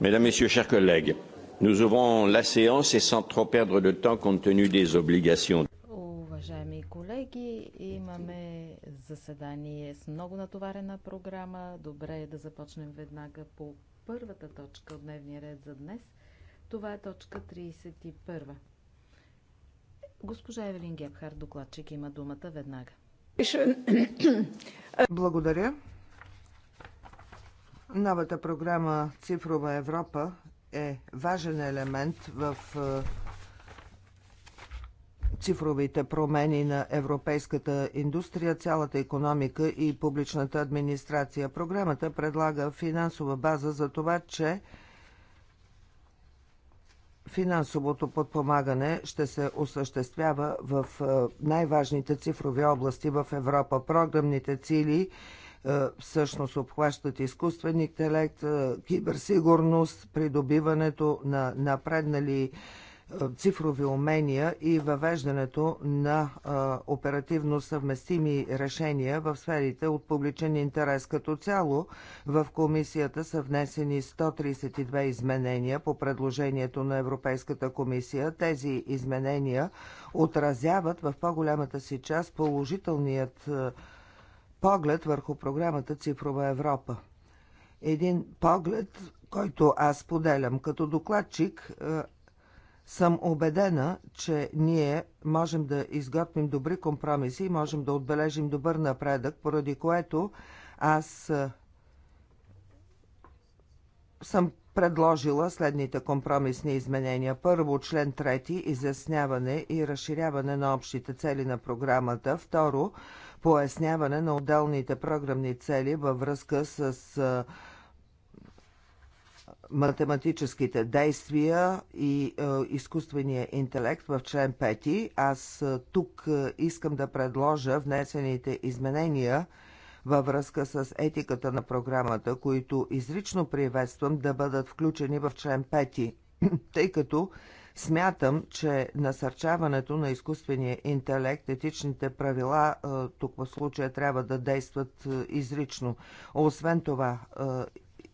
Mesdames, Messieurs, chers collègues, nous ouvrons la séance et sans trop perdre de temps compte tenu des obligations. Уважаеми колеги, имаме заседание с много натоварена програма. Добре е да започнем веднага по първата точка от дневния ред за днес. Това е точка 31. Госпожа Евелин Гепхард, докладчик, има думата веднага. Благодаря. Новата програма Цифрова Европа е важен елемент в е, цифровите промени на европейската индустрия, цялата економика и публичната администрация. Програмата предлага финансова база за това, че финансовото подпомагане ще се осъществява в е, най-важните цифрови области в Европа. Програмните цели е, всъщност обхващат изкуствен интелект, е, киберсигурност, придобиването на напреднали е, цифрови умения и въвеждането на оперативно съвместими решения в сферите от публичен интерес. Като цяло в комисията са внесени 132 изменения по предложението на Европейската комисия. Тези изменения отразяват в по-голямата си част положителният поглед върху програмата Цифрова Европа. Един поглед, който аз поделям като докладчик, е, съм убедена, че ние можем да изготвим добри компромиси и можем да отбележим добър напредък, поради което аз е, съм предложила следните компромисни изменения. Първо, член 3 изясняване и разширяване на общите цели на програмата. Второ, поясняване на отделните програмни цели във връзка с математическите действия и изкуствения интелект в член 5. Аз тук искам да предложа внесените изменения във връзка с етиката на програмата, които изрично приветствам да бъдат включени в член 5, тъй като Смятам, че насърчаването на изкуствения интелект, етичните правила е, тук в случая трябва да действат е, изрично. Освен това, е,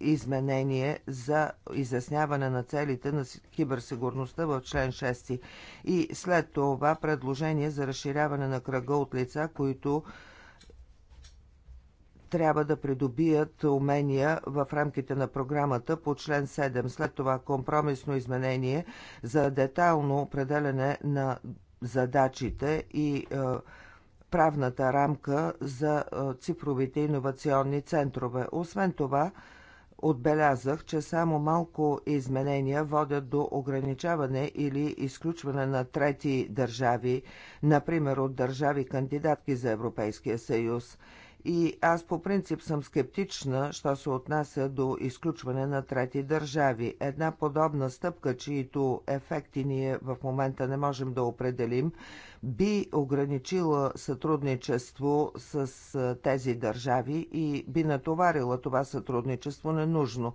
изменение за изясняване на целите на киберсигурността в член 6 и след това предложение за разширяване на кръга от лица, които трябва да придобият умения в рамките на програмата по член 7. След това компромисно изменение за детайлно определене на задачите и е, правната рамка за е, цифровите иновационни центрове. Освен това, отбелязах, че само малко изменения водят до ограничаване или изключване на трети държави, например от държави кандидатки за Европейския съюз. И аз по принцип съм скептична, що се отнася до изключване на трети държави. Една подобна стъпка, чието ефекти ние в момента не можем да определим, би ограничила сътрудничество с тези държави и би натоварила това сътрудничество ненужно.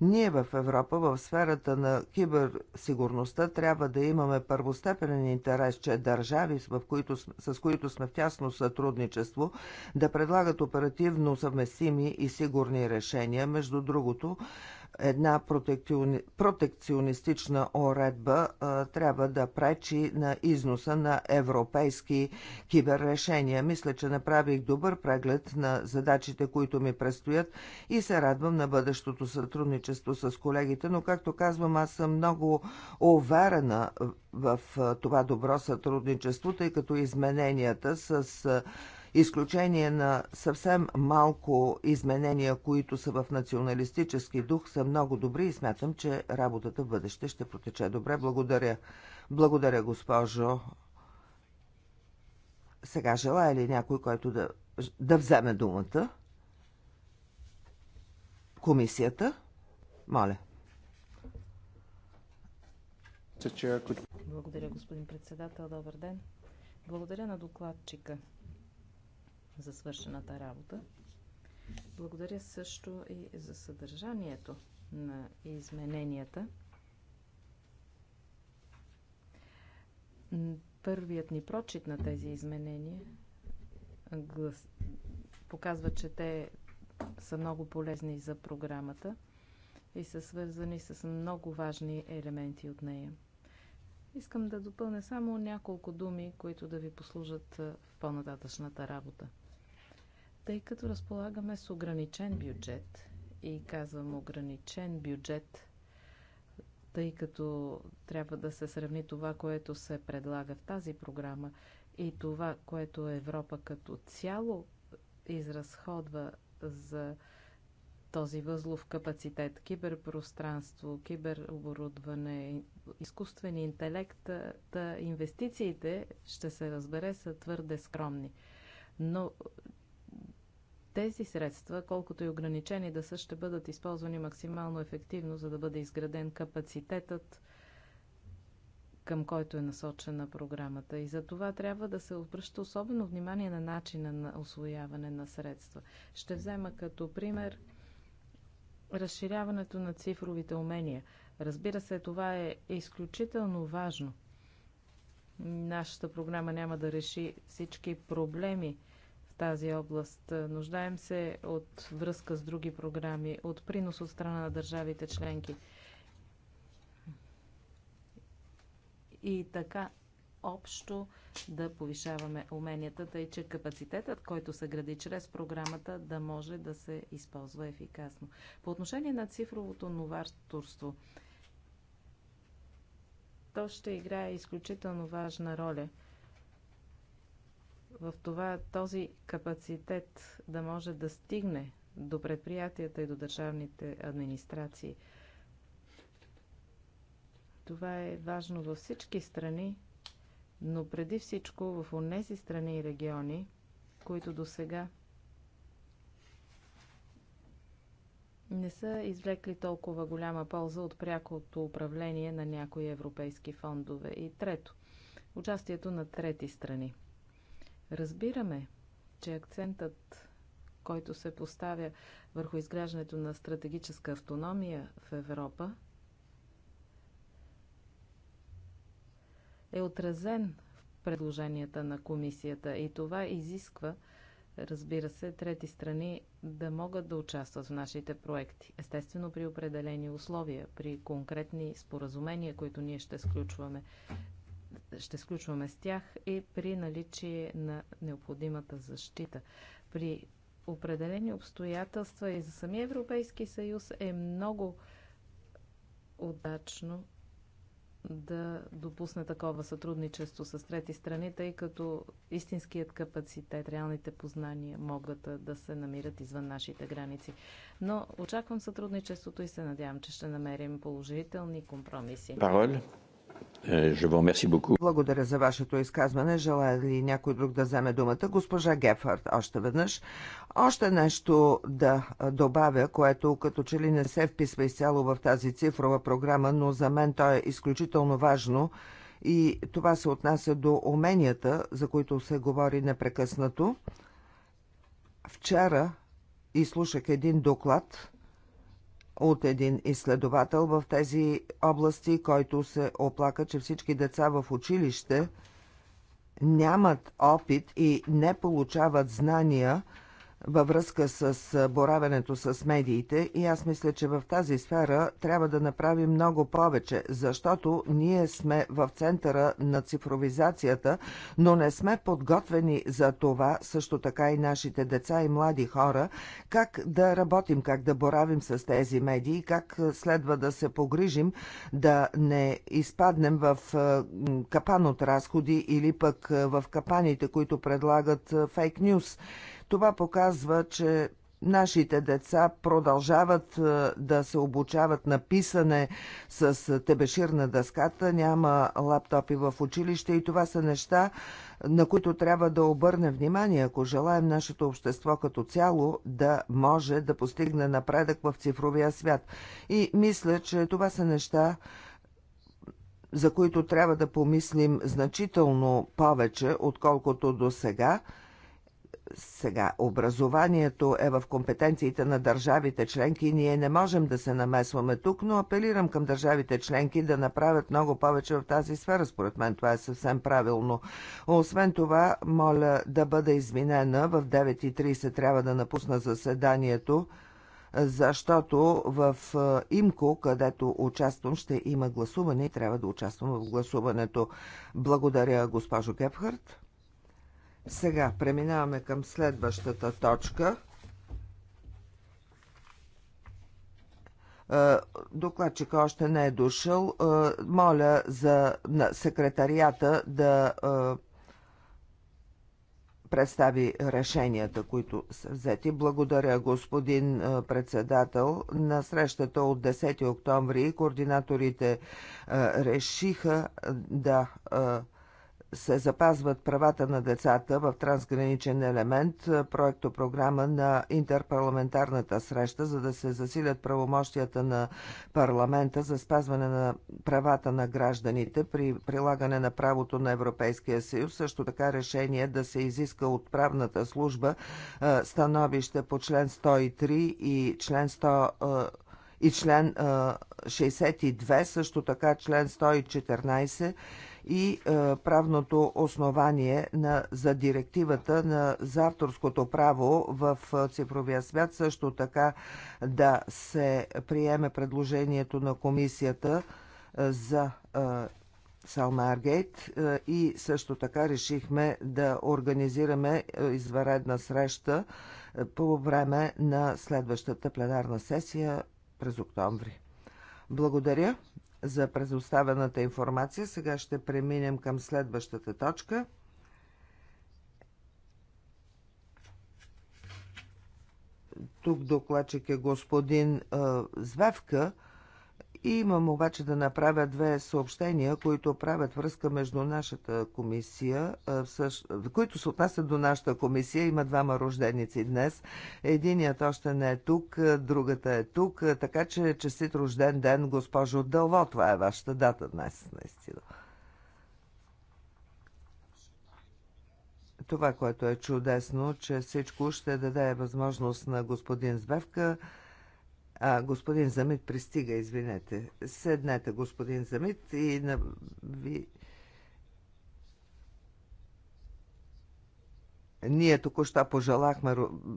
Ние в Европа, в сферата на киберсигурността, трябва да имаме първостепенен интерес, че държави, в които, с които сме в тясно сътрудничество, да предлагат оперативно съвместими и сигурни решения. Между другото, една протекциони... протекционистична уредба а, трябва да пречи на износа на европейски киберрешения. Мисля, че направих добър преглед на задачите, които ми предстоят и се радвам на бъдещото сътрудничество с колегите, но както казвам, аз съм много уверена в това добро сътрудничество, тъй като измененията с изключение на съвсем малко изменения, които са в националистически дух, са много добри и смятам, че работата в бъдеще ще протече добре. Благодаря. Благодаря, госпожо. Сега желая ли някой, който да, да вземе думата? Комисията? Моля. Благодаря, господин председател. Добър ден. Благодаря на докладчика за свършената работа. Благодаря също и за съдържанието на измененията. Първият ни прочит на тези изменения глас... показва, че те са много полезни за програмата и са свързани с много важни елементи от нея. Искам да допълня само няколко думи, които да ви послужат в по-нататъчната работа. Тъй като разполагаме с ограничен бюджет и казвам ограничен бюджет, тъй като трябва да се сравни това, което се предлага в тази програма и това, което Европа като цяло изразходва за този възлов капацитет, киберпространство, кибероборудване, изкуствени интелект, та инвестициите, ще се разбере, са твърде скромни. Но тези средства, колкото и ограничени да са, ще бъдат използвани максимално ефективно, за да бъде изграден капацитетът, към който е насочена програмата. И за това трябва да се обръща особено внимание на начина на освояване на средства. Ще взема като пример разширяването на цифровите умения. Разбира се, това е изключително важно. Нашата програма няма да реши всички проблеми, тази област. Нуждаем се от връзка с други програми, от принос от страна на държавите членки. И така общо да повишаваме уменията, тъй че капацитетът, който се гради чрез програмата, да може да се използва ефикасно. По отношение на цифровото новаторство, то ще играе изключително важна роля – в това този капацитет да може да стигне до предприятията и до държавните администрации. Това е важно във всички страни, но преди всичко в онези страни и региони, които до сега не са извлекли толкова голяма полза от прякото управление на някои европейски фондове. И трето, участието на трети страни – Разбираме, че акцентът, който се поставя върху изграждането на стратегическа автономия в Европа, е отразен в предложенията на комисията и това изисква, разбира се, трети страни да могат да участват в нашите проекти. Естествено при определени условия, при конкретни споразумения, които ние ще сключваме ще сключваме с тях е при наличие на необходимата защита. При определени обстоятелства и за самия Европейски съюз е много удачно да допусне такова сътрудничество с трети страни, тъй като истинският капацитет, реалните познания могат да се намират извън нашите граници. Но очаквам сътрудничеството и се надявам, че ще намерим положителни компромиси. Пароль. Е, Благодаря за вашето изказване. Желая ли някой друг да вземе думата? Госпожа Гефард, още веднъж. Още нещо да добавя, което като че ли не се вписва изцяло в тази цифрова програма, но за мен то е изключително важно и това се отнася до уменията, за които се говори непрекъснато. Вчера изслушах един доклад от един изследовател в тези области, който се оплака, че всички деца в училище нямат опит и не получават знания във връзка с боравенето с медиите и аз мисля, че в тази сфера трябва да направим много повече, защото ние сме в центъра на цифровизацията, но не сме подготвени за това, също така и нашите деца и млади хора, как да работим, как да боравим с тези медии, как следва да се погрижим да не изпаднем в капан от разходи или пък в капаните, които предлагат фейк нюс. Това показва, че Нашите деца продължават е, да се обучават на писане с е, тебешир на дъската, няма лаптопи в училище и това са неща, на които трябва да обърнем внимание, ако желаем нашето общество като цяло да може да постигне напредък в цифровия свят. И мисля, че това са неща, за които трябва да помислим значително повече, отколкото до сега – сега, образованието е в компетенциите на държавите членки и ние не можем да се намесваме тук, но апелирам към държавите членки да направят много повече в тази сфера. Според мен това е съвсем правилно. Освен това, моля да бъда извинена, в 9.30 трябва да напусна заседанието, защото в е, ИМКО, където участвам, ще има гласуване и трябва да участвам в гласуването. Благодаря, госпожо Гепхарт. Сега преминаваме към следващата точка. Е, докладчика още не е дошъл. Е, моля за секретарията да е, представи решенията, които са взети. Благодаря, господин председател. На срещата от 10 октомври координаторите решиха да се запазват правата на децата в трансграничен елемент, е, проектопрограма на интерпарламентарната среща, за да се засилят правомощията на парламента за спазване на правата на гражданите при прилагане на правото на Европейския съюз. Също така решение да се изиска от правната служба е, становище по член 103 и член 100 е, и член 62, също така член 114 и е, правното основание на, за директивата на, за авторското право в е, цифровия свят. Също така да се приеме предложението на комисията е, за Салмаргейт и също така решихме да организираме изваредна среща по време на следващата пленарна сесия през октомври. Благодаря за предоставената информация. Сега ще преминем към следващата точка. Тук докладчик е господин е, Звевка. И имам обаче да направя две съобщения, които правят връзка между нашата комисия, всъщ... които се отнасят до нашата комисия. Има двама рожденици днес. Единият още не е тук, другата е тук. Така че честит рожден ден, госпожо Дълво. Това е вашата дата днес, наистина. Това, което е чудесно, че всичко ще даде възможност на господин Звевка а, господин Замит пристига, извинете. Седнете, господин Замит, и на... ви... Ние току-що пожелахме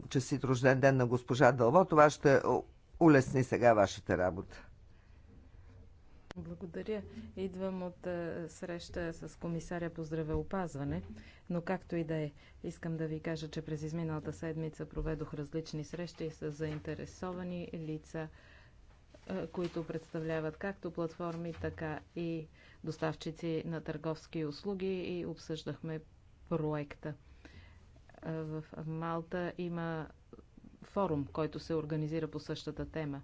честит рожден ден на госпожа Дълво. Това ще улесни сега вашата работа. Благодаря. Идвам от е, среща с комисаря по здравеопазване, но както и да е, искам да ви кажа, че през изминалата седмица проведох различни срещи с заинтересовани лица, е, които представляват както платформи, така и доставчици на търговски услуги и обсъждахме проекта. Е, в Малта има форум, който се организира по същата тема.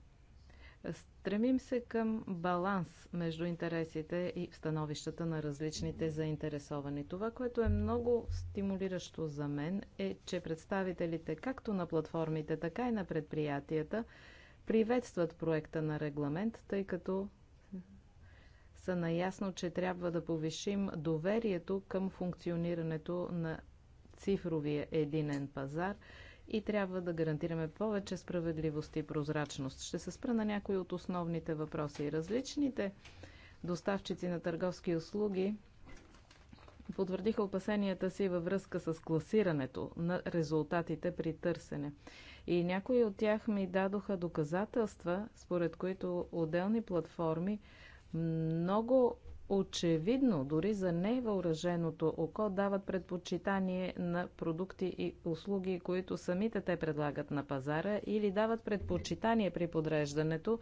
Стремим се към баланс между интересите и становищата на различните заинтересовани. Това, което е много стимулиращо за мен, е, че представителите както на платформите, така и на предприятията приветстват проекта на регламент, тъй като са наясно, че трябва да повишим доверието към функционирането на цифровия единен пазар – и трябва да гарантираме повече справедливост и прозрачност. Ще се спра на някои от основните въпроси. Различните доставчици на търговски услуги потвърдиха опасенията си във връзка с класирането на резултатите при търсене. И някои от тях ми дадоха доказателства, според които отделни платформи много очевидно дори за невъоръженото око дават предпочитание на продукти и услуги, които самите те предлагат на пазара или дават предпочитание при подреждането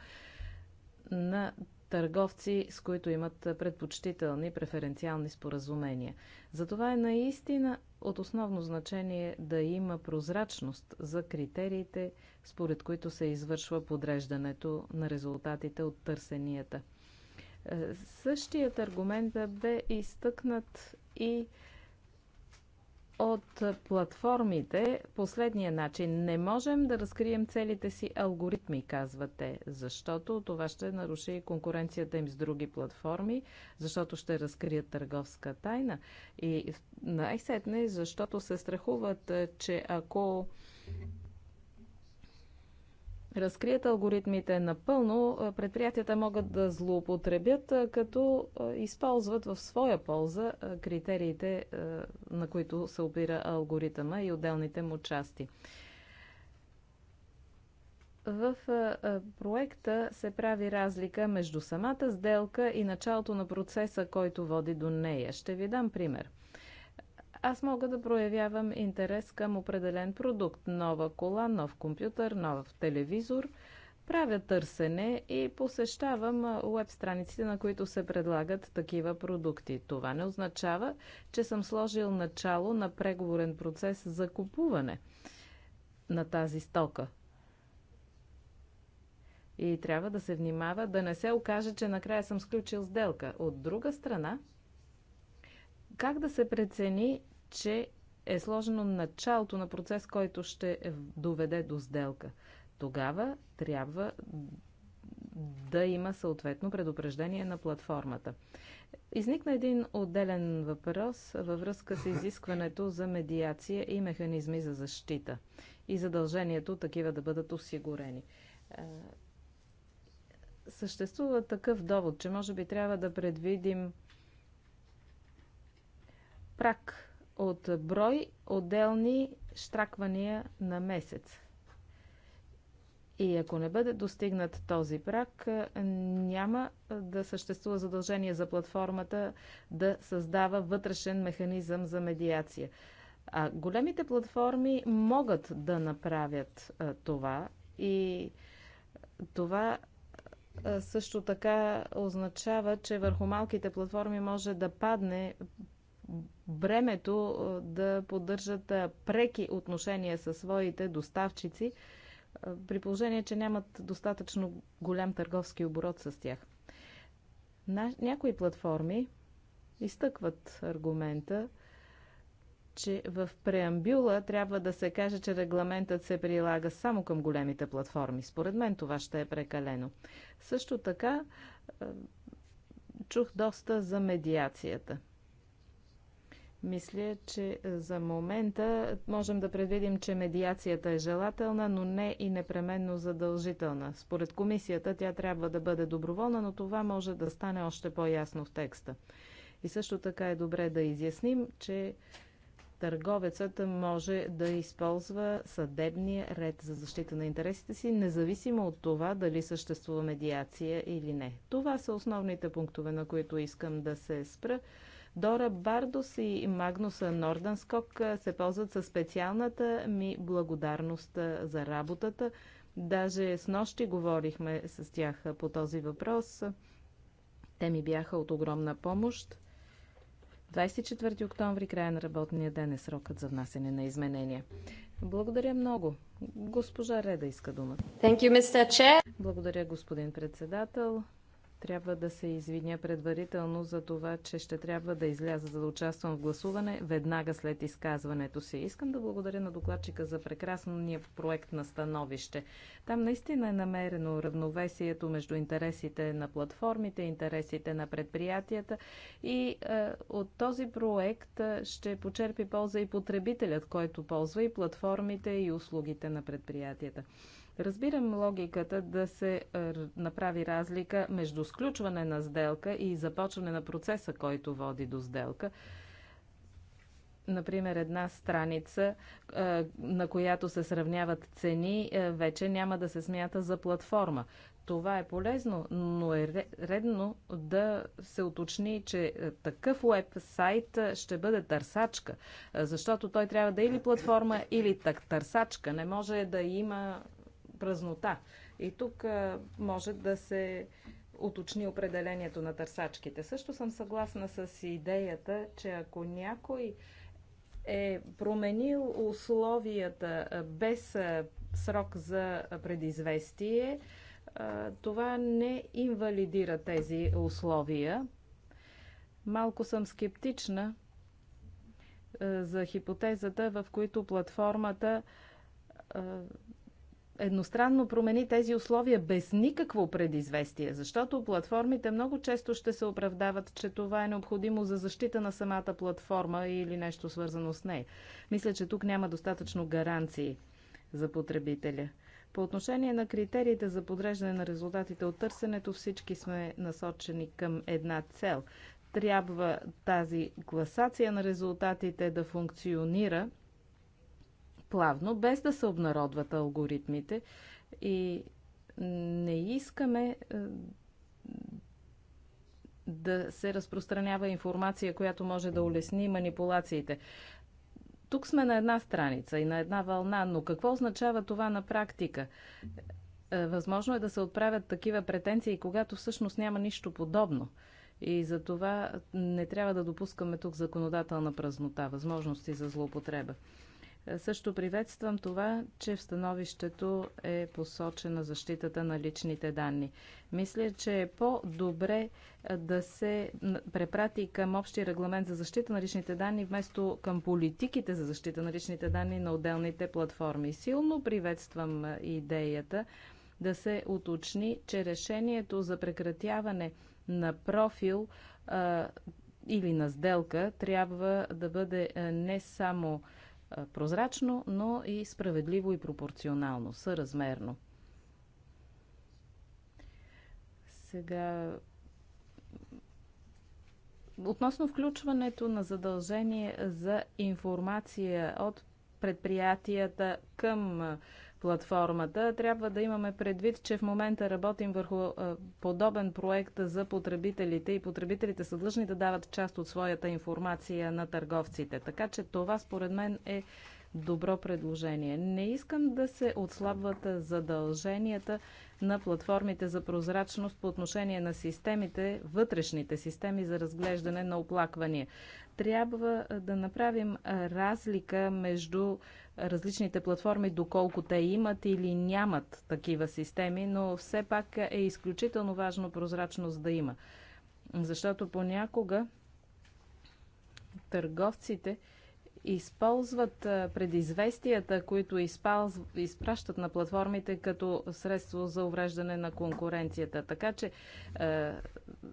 на търговци, с които имат предпочтителни преференциални споразумения. Затова е наистина от основно значение да има прозрачност за критериите, според които се извършва подреждането на резултатите от търсенията – е, същият аргумент бе изтъкнат и от платформите последния начин. Не можем да разкрием целите си алгоритми, казвате, защото това ще наруши конкуренцията им с други платформи, защото ще разкрият търговска тайна. И най-сетне, защото се страхуват, е, че ако разкрият алгоритмите напълно, предприятията могат да злоупотребят, като използват в своя полза критериите, на които се опира алгоритъма и отделните му части. В проекта се прави разлика между самата сделка и началото на процеса, който води до нея. Ще ви дам пример – аз мога да проявявам интерес към определен продукт. Нова кола, нов компютър, нов телевизор. Правя търсене и посещавам веб страниците, на които се предлагат такива продукти. Това не означава, че съм сложил начало на преговорен процес за купуване на тази стока. И трябва да се внимава да не се окаже, че накрая съм сключил сделка. От друга страна, как да се прецени че е сложено началото на процес, който ще доведе до сделка. Тогава трябва да има съответно предупреждение на платформата. Изникна един отделен въпрос във връзка с изискването за медиация и механизми за защита и задължението такива да бъдат осигурени. Съществува такъв довод, че може би трябва да предвидим прак от брой отделни штраквания на месец. И ако не бъде достигнат този прак, е, няма е, да съществува задължение за платформата да създава вътрешен механизъм за медиация. А големите платформи могат да направят а, е, това и това също така означава, че върху малките платформи може да падне бремето да поддържат преки отношения със своите доставчици, при положение, че нямат достатъчно голям търговски оборот с тях. Някои платформи изтъкват аргумента, че в преамбюла трябва да се каже, че регламентът се прилага само към големите платформи. Според мен това ще е прекалено. Също така чух доста за медиацията. Мисля, че е, за момента можем да предвидим, че медиацията е желателна, но не и непременно задължителна. Според комисията тя трябва да бъде доброволна, но това може да стане още по-ясно в текста. И също така е добре да изясним, че търговецът може да използва съдебния ред за защита на интересите си, независимо от това дали съществува медиация или не. Това са основните пунктове, на които искам да се спра. Дора Бардос и Магнуса Норданскок се ползват със специалната ми благодарност за работата. Даже с нощи говорихме с тях по този въпрос. Те ми бяха от огромна помощ. 24 октомври, края на работния ден е срокът за внасене на изменения. Благодаря много. Госпожа Реда иска думата. Благодаря, господин председател. Трябва да се извиня предварително за това, че ще трябва да изляза за да участвам в гласуване веднага след изказването си. Искам да благодаря на докладчика за прекрасния проект на становище. Там наистина е намерено равновесието между интересите на платформите, интересите на предприятията и е, от този проект е, ще почерпи полза и потребителят, който ползва и платформите и услугите на предприятията. Разбирам логиката да се е, направи разлика между сключване на сделка и започване на процеса, който води до сделка например, една страница, е, на която се сравняват цени, е, вече няма да се смята за платформа. Това е полезно, но е редно да се уточни, че такъв веб-сайт ще бъде търсачка, защото той трябва да е или платформа, или търсачка. Не може да има празнота. И тук може да се уточни определението на търсачките. Също съм съгласна с идеята, че ако някой е променил условията без срок за предизвестие, това не инвалидира тези условия. Малко съм скептична за хипотезата, в които платформата едностранно промени тези условия без никакво предизвестие, защото платформите много често ще се оправдават, че това е необходимо за защита на самата платформа или нещо свързано с нея. Мисля, че тук няма достатъчно гаранции за потребителя. По отношение на критериите за подреждане на резултатите от търсенето, всички сме насочени към една цел. Трябва тази класация на резултатите да функционира плавно, без да се обнародват алгоритмите и не искаме е, да се разпространява информация, която може да улесни манипулациите. Тук сме на една страница и на една вълна, но какво означава това на практика? Е, възможно е да се отправят такива претенции, когато всъщност няма нищо подобно. И за това не трябва да допускаме тук законодателна празнота, възможности за злоупотреба. Също приветствам това, че в становището е посочена защитата на личните данни. Мисля, че е по-добре да се препрати към общия регламент за защита на личните данни, вместо към политиките за защита на личните данни на отделните платформи. Силно приветствам идеята да се уточни, че решението за прекратяване на профил а, или на сделка трябва да бъде не само а, прозрачно, но и справедливо и пропорционално, съразмерно. Сега Относно включването на задължение за информация от предприятията към платформата. Трябва да имаме предвид, че в момента работим върху е, подобен проект за потребителите и потребителите са длъжни да дават част от своята информация на търговците. Така че това според мен е добро предложение. Не искам да се отслабват задълженията на платформите за прозрачност по отношение на системите, вътрешните системи за разглеждане на оплаквания. Трябва е, да направим е, разлика между различните платформи, доколко те имат или нямат такива системи, но все пак е изключително важно прозрачност да има. Защото понякога търговците използват предизвестията, които изпращат на платформите като средство за увреждане на конкуренцията. Така че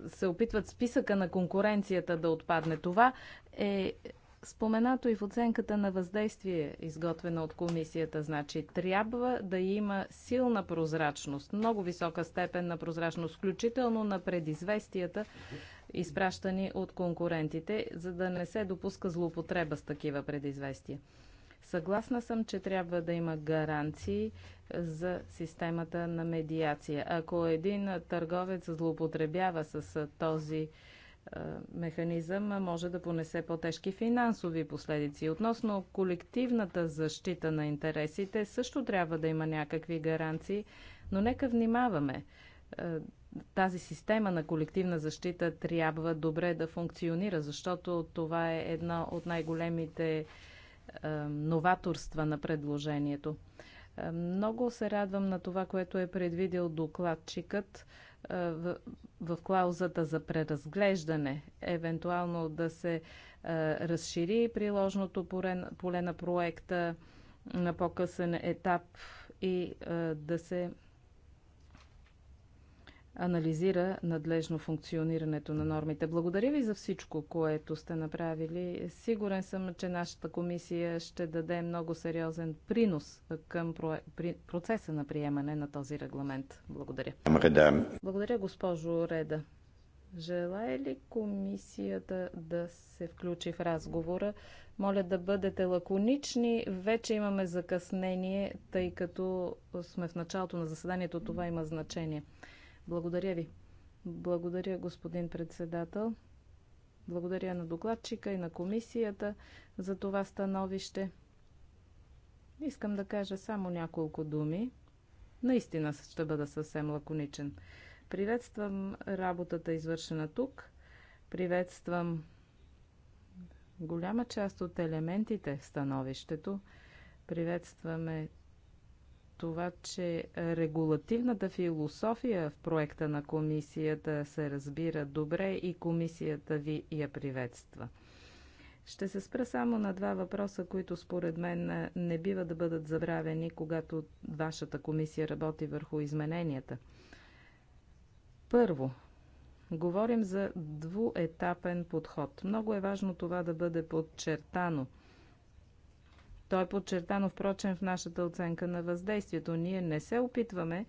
се опитват списъка на конкуренцията да отпадне. Това е споменато и в оценката на въздействие, изготвена от комисията. Значи трябва да има силна прозрачност, много висока степен на прозрачност, включително на предизвестията, изпращани от конкурентите, за да не се допуска злоупотреба с такива предизвестия. Съгласна съм, че трябва да има гаранции за системата на медиация. Ако един търговец злоупотребява с този е, механизъм може да понесе по-тежки финансови последици. Относно колективната защита на интересите, също трябва да има някакви гаранции, но нека внимаваме. Е, тази система на колективна защита трябва добре да функционира, защото това е една от най-големите е, новаторства на предложението. Много се радвам на това, което е предвидил докладчикът е, в, в клаузата за преразглеждане, евентуално да се е, разшири приложното поле, поле на проекта на по-късен етап и е, да се анализира надлежно функционирането на нормите. Благодаря ви за всичко, което сте направили. Сигурен съм, че нашата комисия ще даде много сериозен принос към процеса на приемане на този регламент. Благодаря. Благодаря, госпожо Реда. Желая ли комисията да се включи в разговора? Моля да бъдете лаконични. Вече имаме закъснение, тъй като сме в началото на заседанието. Това има значение. Благодаря ви. Благодаря, господин председател. Благодаря на докладчика и на комисията за това становище. Искам да кажа само няколко думи. Наистина ще бъда съвсем лаконичен. Приветствам работата, извършена тук. Приветствам голяма част от елементите в становището. Приветстваме това, че регулативната философия в проекта на комисията се разбира добре и комисията ви я приветства. Ще се спра само на два въпроса, които според мен не бива да бъдат забравени, когато вашата комисия работи върху измененията. Първо, говорим за двуетапен подход. Много е важно това да бъде подчертано – той е подчертано, впрочем, в нашата оценка на въздействието. Ние не се опитваме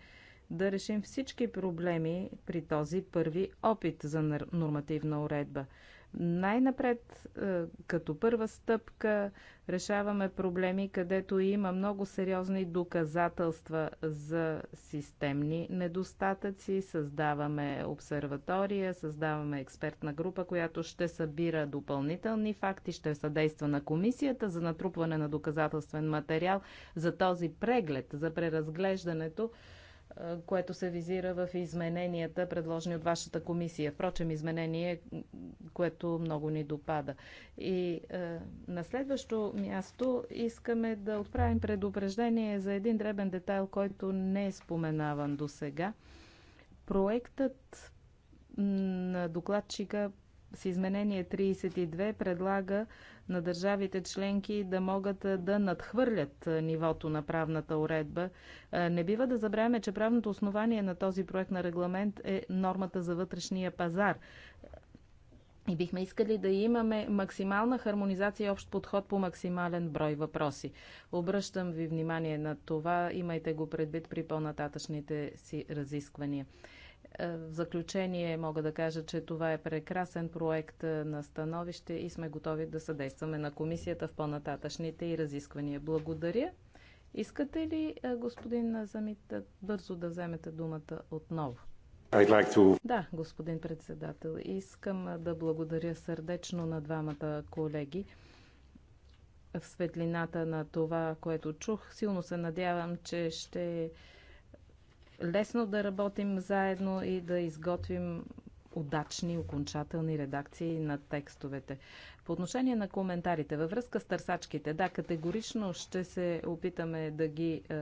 да решим всички проблеми при този първи опит за нормативна уредба. Най-напред, е, като първа стъпка, решаваме проблеми, където има много сериозни доказателства за системни недостатъци. Създаваме обсерватория, създаваме експертна група, която ще събира допълнителни факти, ще съдейства на комисията за натрупване на доказателствен материал за този преглед, за преразглеждането което се визира в измененията, предложени от вашата комисия. Впрочем, изменение, което много ни допада. И е, на следващо място искаме да отправим предупреждение за един дребен детайл, който не е споменаван до сега. Проектът на докладчика с изменение 32 предлага на държавите членки да могат да надхвърлят нивото на правната уредба. Не бива да забравяме, че правното основание на този проект на регламент е нормата за вътрешния пазар. И бихме искали да имаме максимална хармонизация и общ подход по максимален брой въпроси. Обръщам ви внимание на това, имайте го предвид при по-нататъчните си разисквания. Е, в заключение мога да кажа, че това е прекрасен проект е, на становище и сме готови да съдействаме на комисията в по-нататъчните и разисквания. Благодаря. Искате ли, е, господин Замит, бързо да вземете думата отново? Like to... Да, господин председател. Искам да благодаря сърдечно на двамата колеги. В светлината на това, което чух, силно се надявам, че ще лесно да работим заедно и да изготвим удачни окончателни редакции на текстовете. По отношение на коментарите, във връзка с търсачките, да, категорично ще се опитаме да ги е,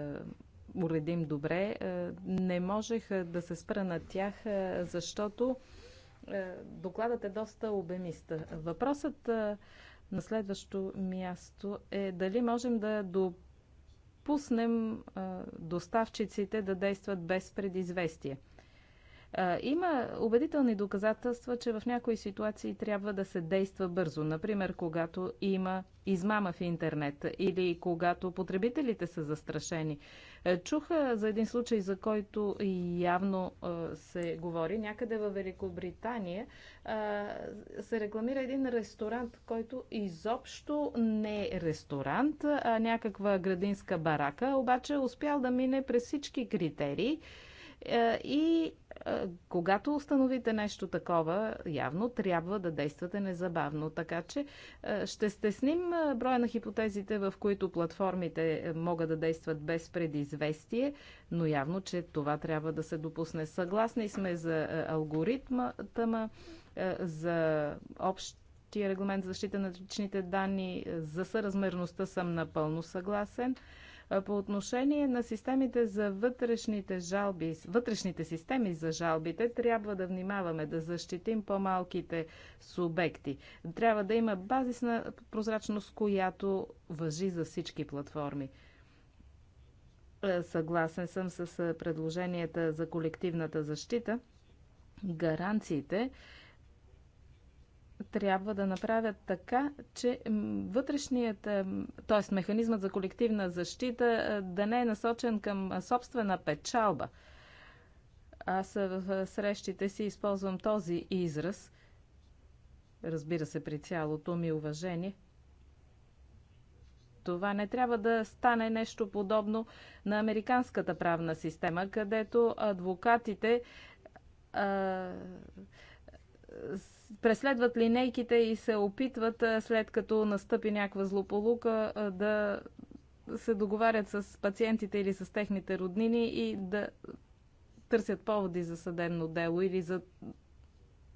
уредим добре. Е, не можех е, да се спра на тях, е, защото е, докладът е доста обемист. Въпросът е, на следващо място е дали можем да допълним пуснем доставчиците да действат без предизвестие. Има убедителни доказателства, че в някои ситуации трябва да се действа бързо. Например, когато има измама в интернет или когато потребителите са застрашени. Е, чуха за един случай, за който явно е, се говори. Някъде във Великобритания е, се рекламира един ресторант, който изобщо не е ресторант, а някаква градинска барака, обаче успял да мине през всички критерии е, и е, когато установите нещо такова, явно трябва да действате незабавно. Така че е, ще стесним броя на хипотезите, в които платформите могат да действат без предизвестие, но явно, че това трябва да се допусне. Съгласни сме за алгоритмата, за общия регламент за защита на личните данни, за съразмерността съм напълно съгласен. По отношение на системите за вътрешните жалби, вътрешните системи за жалбите, трябва да внимаваме да защитим по-малките субекти. Трябва да има базисна прозрачност, която въжи за всички платформи. Съгласен съм с предложенията за колективната защита. Гаранциите трябва да направят така, че вътрешният, т.е. механизмът за колективна защита е, да не е насочен към собствена печалба. Аз е, в е, срещите си използвам този израз, разбира се, при цялото ми уважение. Това не трябва да стане нещо подобно на американската правна система, където адвокатите а, преследват линейките и се опитват, след като настъпи някаква злополука, да се договарят с пациентите или с техните роднини и да търсят поводи за съдебно дело или за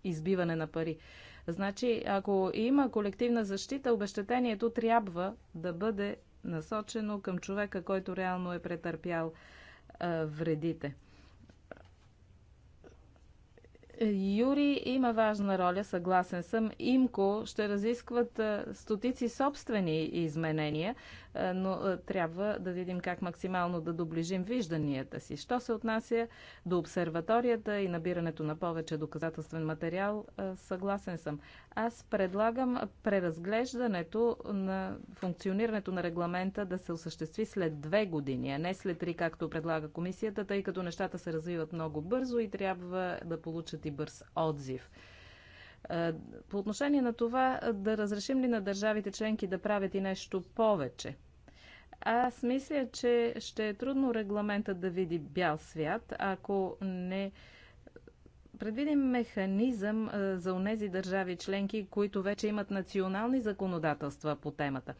избиване на пари. Значи, ако има колективна защита, обещетението трябва да бъде насочено към човека, който реално е претърпял а, вредите. Юри има важна роля, съгласен съм. Имко ще разискват стотици собствени изменения, е, но е, трябва да видим как максимално да доближим вижданията си. Що се отнася до обсерваторията и набирането на повече доказателствен материал, е, съгласен съм. Аз предлагам преразглеждането на функционирането на регламента да се осъществи след две години, а не след три, както предлага комисията, тъй като нещата се развиват много бързо и трябва да получат и бърз отзив. По отношение на това да разрешим ли на държавите членки да правят и нещо повече – аз мисля, че ще е трудно регламента да види бял свят, ако не предвидим механизъм за онези държави членки, които вече имат национални законодателства по темата.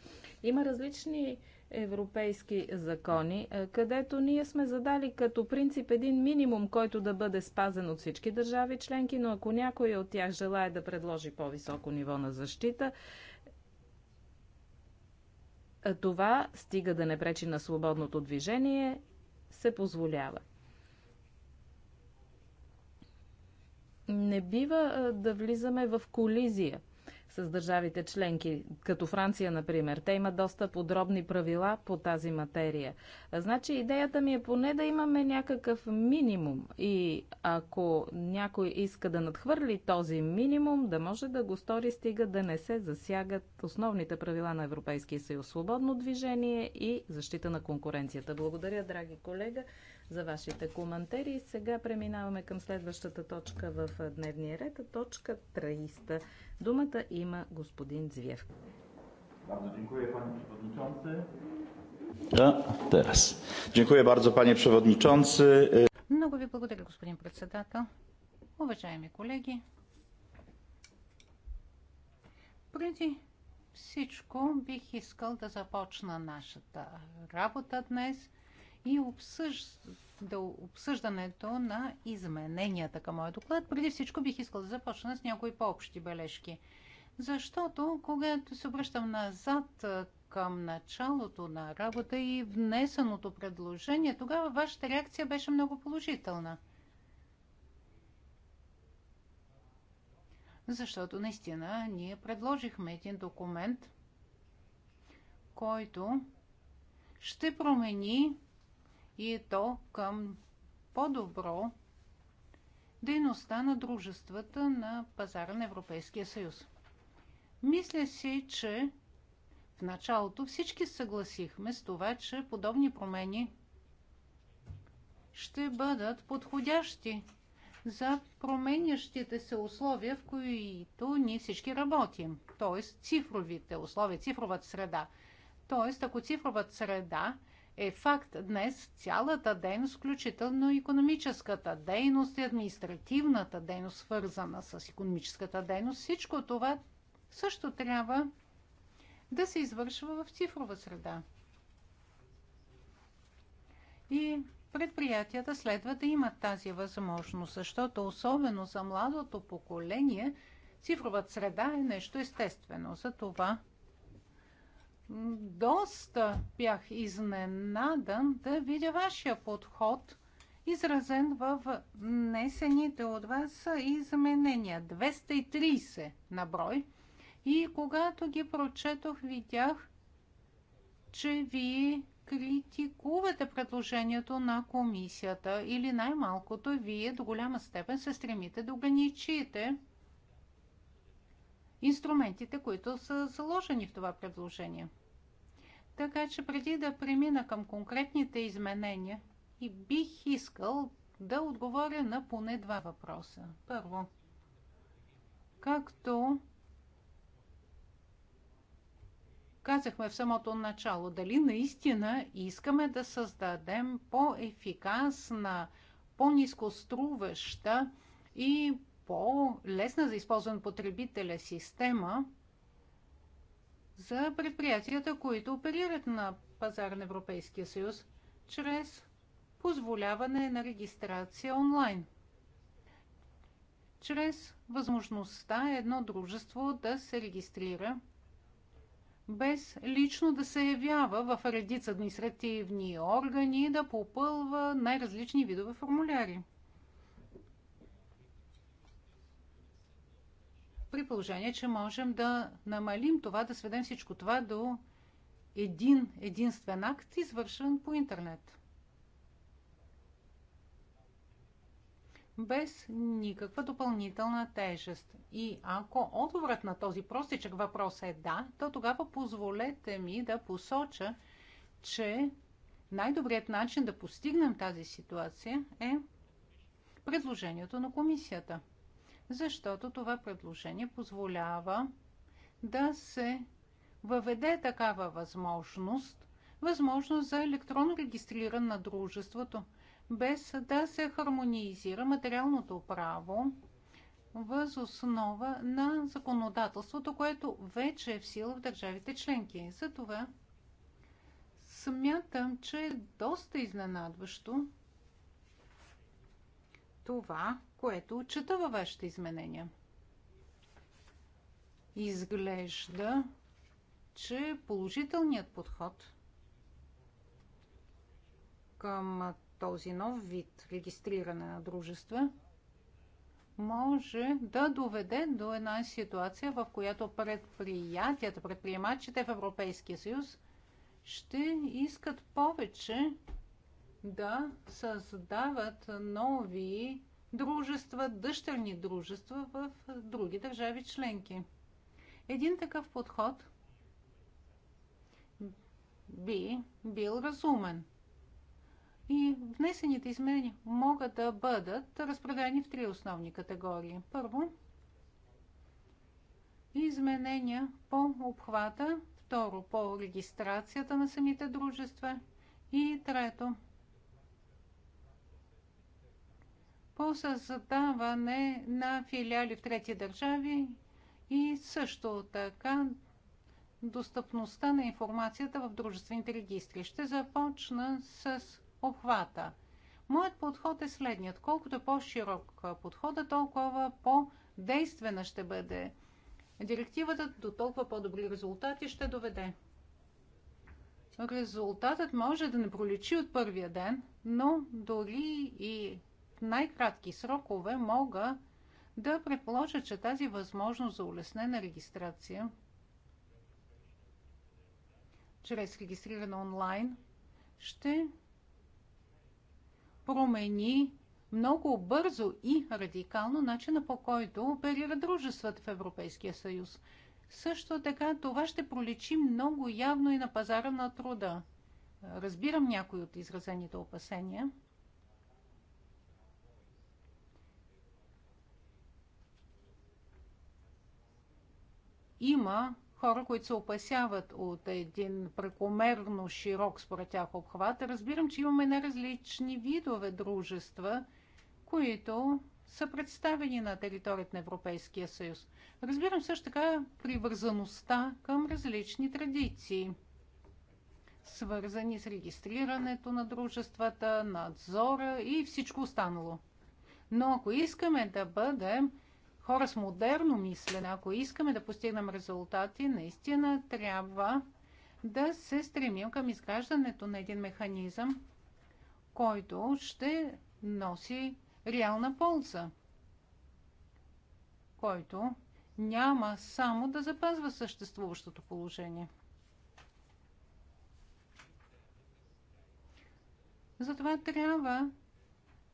Има различни европейски закони, където ние сме задали като принцип един минимум, който да бъде спазен от всички държави членки, но ако някой от тях желая да предложи по-високо ниво на защита, това, стига да не пречи на свободното движение, се позволява. Не бива да влизаме в колизия с държавите членки, като Франция, например. Те имат доста подробни правила по тази материя. Значи идеята ми е поне да имаме някакъв минимум и ако някой иска да надхвърли този минимум, да може да го стори, стига да не се засягат основните правила на Европейския съюз. Свободно движение и защита на конкуренцията. Благодаря, драги колега за вашите коментари. Сега преминаваме към следващата точка в дневния ред, точка 30. Думата има господин Звев. Bardzo dziękuję panie Много ви благодаря, господин председател. Уважаеми колеги, преди всичко бих искал да започна нашата работа днес и обсъждането на измененията към моят доклад. Преди всичко бих искал да започна с някои по-общи бележки. Защото, когато се обръщам назад към началото на работа и внесеното предложение, тогава вашата реакция беше много положителна. Защото наистина ние предложихме един документ, който ще промени и то към по-добро дейността на дружествата на пазара на Европейския съюз. Мисля си, че в началото всички съгласихме с това, че подобни промени ще бъдат подходящи за променящите се условия, в които ние всички работим, т.е. цифровите условия, цифровата среда. Т.е. ако цифровата среда е факт днес цялата дейност, включително економическата дейност и административната дейност, свързана с економическата дейност, всичко това също трябва да се извършва в цифрова среда. И предприятията следва да имат тази възможност, защото особено за младото поколение цифровата среда е нещо естествено. За това доста бях изненадан да видя вашия подход, изразен в внесените от вас изменения. 230 на брой. И когато ги прочетох, видях, че ви критикувате предложението на комисията или най-малкото вие до голяма степен се стремите да ограничите инструментите, които са заложени в това предложение. Така че преди да премина към конкретните изменения, и бих искал да отговоря на поне два въпроса. Първо, както казахме в самото начало, дали наистина искаме да създадем по-ефикасна, по-низко струваща и по-лесна за използване потребителя система – за предприятията, които оперират на пазар на Европейския съюз чрез позволяване на регистрация онлайн. Чрез възможността едно дружество да се регистрира без лично да се явява в редица административни органи да попълва най-различни видове формуляри. при положение, че можем да намалим това, да сведем всичко това до един единствен акт, извършен по интернет. без никаква допълнителна тежест. И ако отговорът на този простичък въпрос е да, то тогава позволете ми да посоча, че най-добрият начин да постигнем тази ситуация е предложението на комисията защото това предложение позволява да се въведе такава възможност, възможност за електронно регистриране на дружеството, без да се хармонизира материалното право въз основа на законодателството, което вече е в сила в държавите членки. Затова смятам, че е доста изненадващо, това, което чета във вашите изменения. Изглежда, че положителният подход към този нов вид регистриране на дружества може да доведе до една ситуация, в която предприятията, предприемачите в Европейския съюз ще искат повече да създават нови дружества, дъщерни дружества в други държави членки. Един такъв подход би бил разумен. И внесените изменения могат да бъдат разпределени в три основни категории. Първо, изменения по обхвата, второ, по регистрацията на самите дружества и трето, по създаване на филиали в трети държави и също така достъпността на информацията в дружествените регистри. Ще започна с обхвата. Моят подход е следният. Колкото е по-широк подхода, толкова по-действена ще бъде директивата, до толкова по-добри резултати ще доведе. Резултатът може да не проличи от първия ден, но дори и най-кратки срокове мога да предположа, че тази възможност за улеснена регистрация чрез регистриране онлайн ще промени много бързо и радикално начина по който оперира дружествата в Европейския съюз. Също така това ще проличи много явно и на пазара на труда. Разбирам някои от изразените опасения – Има хора, които се опасяват от един прекомерно широк според тях обхват. Разбирам, че имаме най-различни видове дружества, които са представени на територията на Европейския съюз. Разбирам също така привързаността към различни традиции, свързани с регистрирането на дружествата, надзора и всичко останало. Но ако искаме да бъдем хора с модерно мислене, ако искаме да постигнем резултати, наистина трябва да се стремим към изграждането на един механизъм, който ще носи реална полза, който няма само да запазва съществуващото положение. Затова трябва,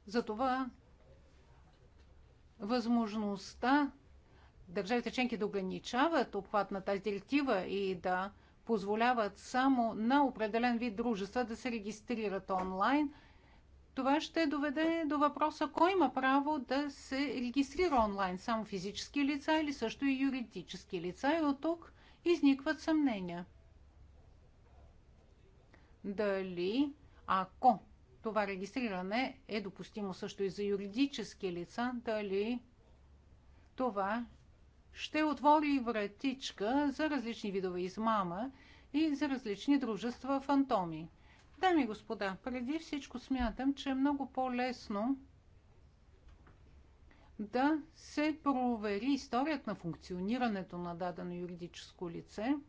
затова възможността държавите членки да ограничават обхват на тази директива и да позволяват само на определен вид дружества да се регистрират онлайн, това ще доведе до въпроса кой има право да се регистрира онлайн, само физически лица или също и юридически лица. И от тук изникват съмнения. Дали ако това регистриране е допустимо също и за юридически лица, дали това ще отвори вратичка за различни видове измама и за различни дружества фантоми. Дами и господа, преди всичко смятам, че е много по-лесно да се провери историята на функционирането на дадено юридическо лице –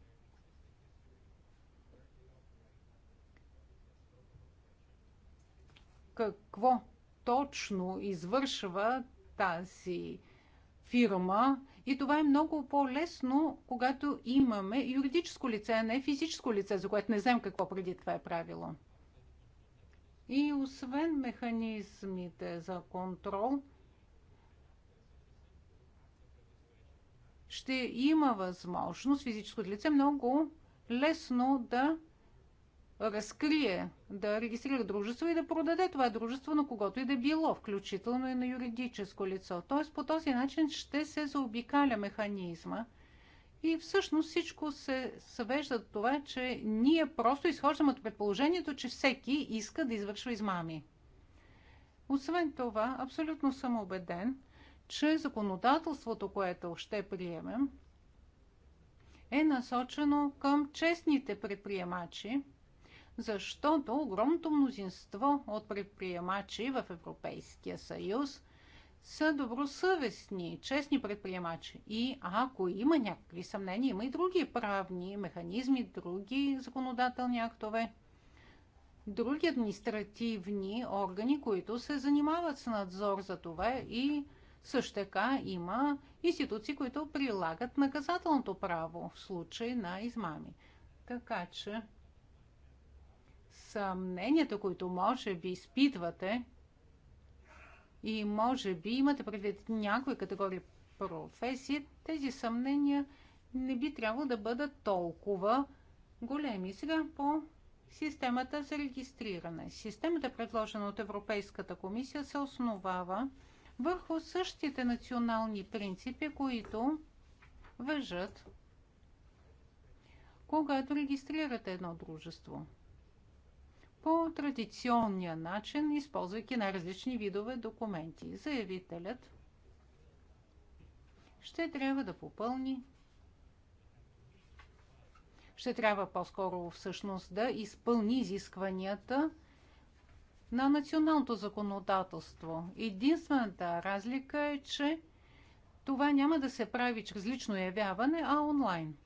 какво точно извършва тази фирма. И това е много по-лесно, когато имаме юридическо лице, а не физическо лице, за което не знаем какво преди това е правило. И освен механизмите за контрол, ще има възможност физическото лице много лесно да разкрие, да регистрира дружество и да продаде това дружество на когото и да било, включително и на юридическо лицо. Т.е. по този начин ще се заобикаля механизма и всъщност всичко се съвежда до това, че ние просто изхождаме от предположението, че всеки иска да извършва измами. Освен това, абсолютно съм убеден, че законодателството, което ще приемем, е насочено към честните предприемачи – защото огромното мнозинство от предприемачи в Европейския съюз са добросъвестни, честни предприемачи. И ако има някакви съмнения, има и други правни механизми, други законодателни актове, други административни органи, които се занимават с надзор за това и също така има институции, които прилагат наказателното право в случай на измами. Така че съмненията, които може би изпитвате и може би имате предвид някои категории професии, тези съмнения не би трябвало да бъдат толкова големи. Сега по системата за регистриране. Системата, предложена от Европейската комисия, се основава върху същите национални принципи, които въжат когато регистрирате едно дружество по традиционния начин, използвайки най-различни видове документи. Заявителят ще трябва да попълни ще трябва по-скоро всъщност да изпълни изискванията на националното законодателство. Единствената разлика е, че това няма да се прави чрез лично явяване, а онлайн.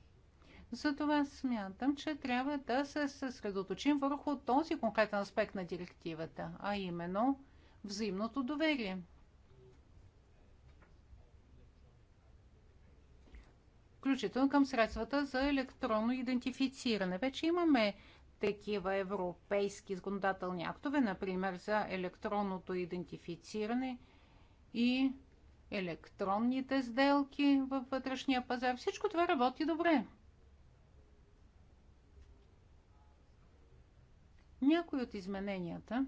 Затова смятам, че трябва да се съсредоточим върху този конкретен аспект на директивата, а именно взаимното доверие. Включително към средствата за електронно идентифициране. Вече имаме такива европейски законодателни актове, например за електронното идентифициране и електронните сделки във вътрешния пазар. Всичко това работи добре. Някои от измененията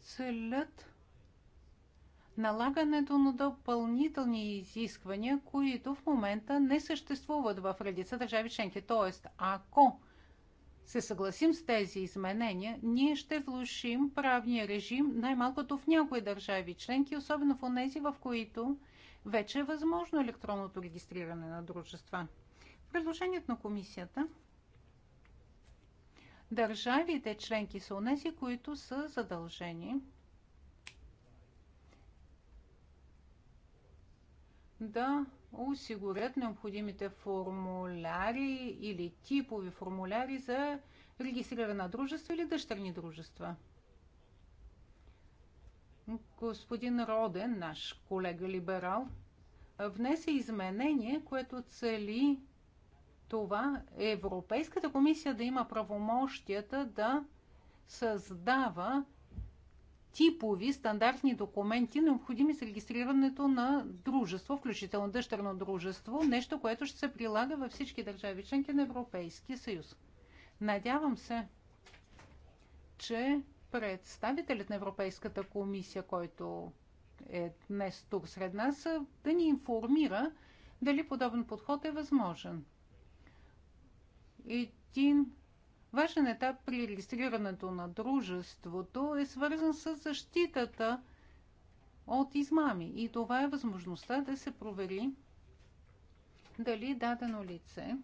целят налагането на допълнителни изисквания, които в момента не съществуват в редица държави членки. Тоест, ако се съгласим с тези изменения, ние ще влушим правния режим най-малкото в някои държави членки, особено в тези, в които вече е възможно електронното регистриране на дружества. Предложението на комисията държавите членки са унеси, които са задължени да осигурят необходимите формуляри или типови формуляри за регистрирана дружество или дъщерни дружества. Господин Роден, наш колега либерал, внесе изменение, което цели това Европейската комисия да има правомощията да създава типови стандартни документи, необходими с регистрирането на дружество, включително дъщерно дружество, нещо, което ще се прилага във всички държави членки на Европейския съюз. Надявам се, че представителят на Европейската комисия, който е днес тук сред нас, да ни информира дали подобен подход е възможен един важен етап при регистрирането на дружеството е свързан с защитата от измами. И това е възможността да се провери дали дадено лице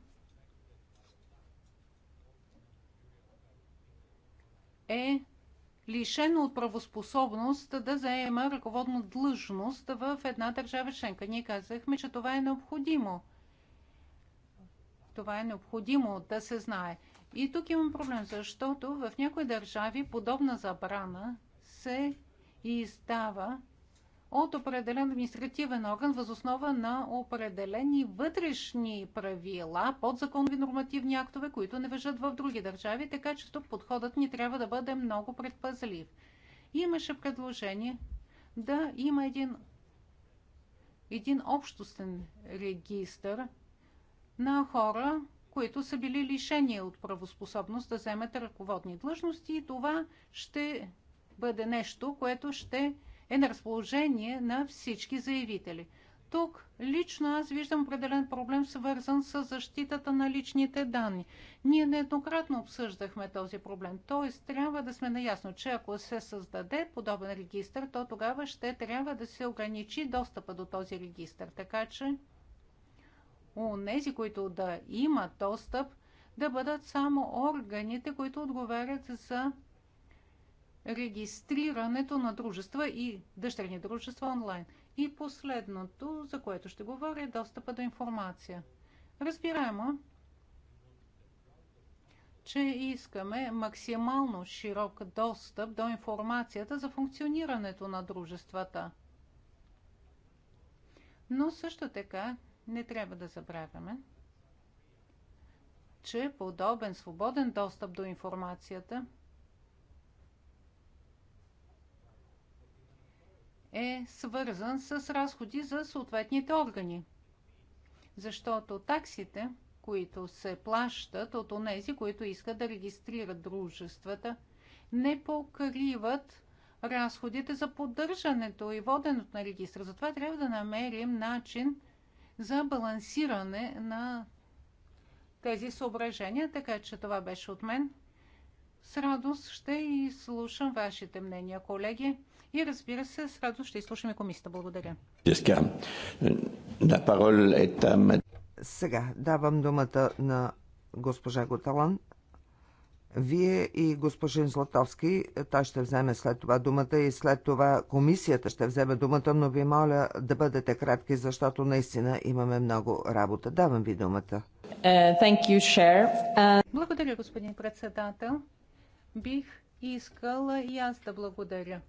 е лишено от правоспособност да заема ръководна длъжност в една държава членка. Ние казахме, че това е необходимо – това е необходимо да се знае. И тук имам проблем, защото в някои държави подобна забрана се издава от определен административен орган възоснова на определени вътрешни правила, подзаконови нормативни актове, които не въжат в други държави, така че тук подходът ни трябва да бъде много предпазлив. Имаше предложение да има един, един общостен регистр на хора, които са били лишени от правоспособност да вземат ръководни длъжности и това ще бъде нещо, което ще е на разположение на всички заявители. Тук лично аз виждам определен проблем, свързан с защитата на личните данни. Ние нееднократно обсъждахме този проблем. Т.е. трябва да сме наясно, че ако се създаде подобен регистр, то тогава ще трябва да се ограничи достъпа до този регистр. Така че Нези, които да имат достъп, да бъдат само органите, които отговарят за регистрирането на дружества и дъщерни дружества онлайн. И последното, за което ще говоря, е достъпа до информация. Разбираемо, че искаме максимално широк достъп до информацията за функционирането на дружествата. Но също така не трябва да забравяме, че подобен свободен достъп до информацията е свързан с разходи за съответните органи. Защото таксите, които се плащат от онези, които искат да регистрират дружествата, не покриват разходите за поддържането и воденето на регистра. Затова трябва да намерим начин за балансиране на тези съображения, така че това беше от мен. С радост ще и слушам вашите мнения, колеги. И разбира се, с радост ще изслушаме комисията. Благодаря. Е Сега давам думата на госпожа Готалан вие и госпожин Златовски, той ще вземе след това думата и след това комисията ще вземе думата, но ви моля да бъдете кратки, защото наистина имаме много работа. Давам ви думата. Е, thank you, Uh... Благодаря, господин председател. Бих искала и аз да благодаря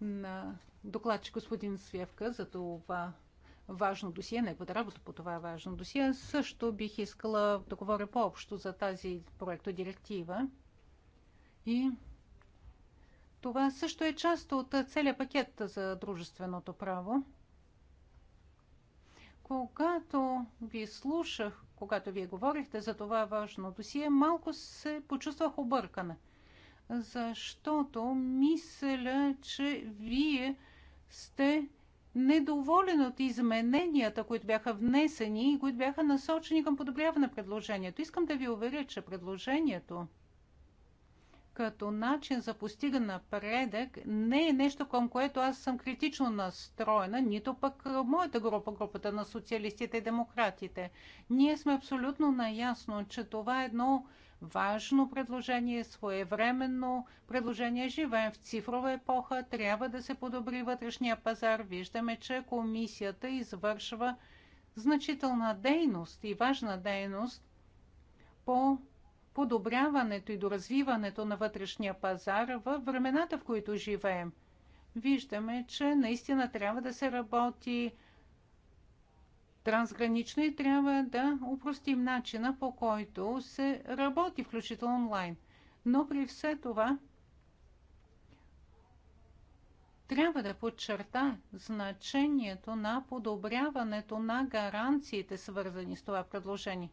на докладчик господин Свевка за това важно досие, неговата е работа по това важно досие. Също бих искала да говоря по-общо за тази директива. И това също е част от целият пакет за дружественото право. Когато ви слушах, когато вие говорихте за това важно досие, малко се почувствах объркана. Защото мисля, че вие сте недоволен от измененията, които бяха внесени и които бяха насочени към подобряване на предложението. Искам да ви уверя, че предложението като начин за постигане напредък не е нещо, към което аз съм критично настроена, нито пък моята група, групата на социалистите и демократите. Ние сме абсолютно наясно, че това е едно важно предложение, своевременно предложение. Живеем в цифрова епоха, трябва да се подобри вътрешния пазар. Виждаме, че комисията извършва значителна дейност и важна дейност по подобряването и доразвиването на вътрешния пазар в времената, в които живеем. Виждаме, че наистина трябва да се работи трансгранично и трябва да упростим начина по който се работи, включително онлайн. Но при все това трябва да подчерта значението на подобряването на гаранциите, свързани с това предложение.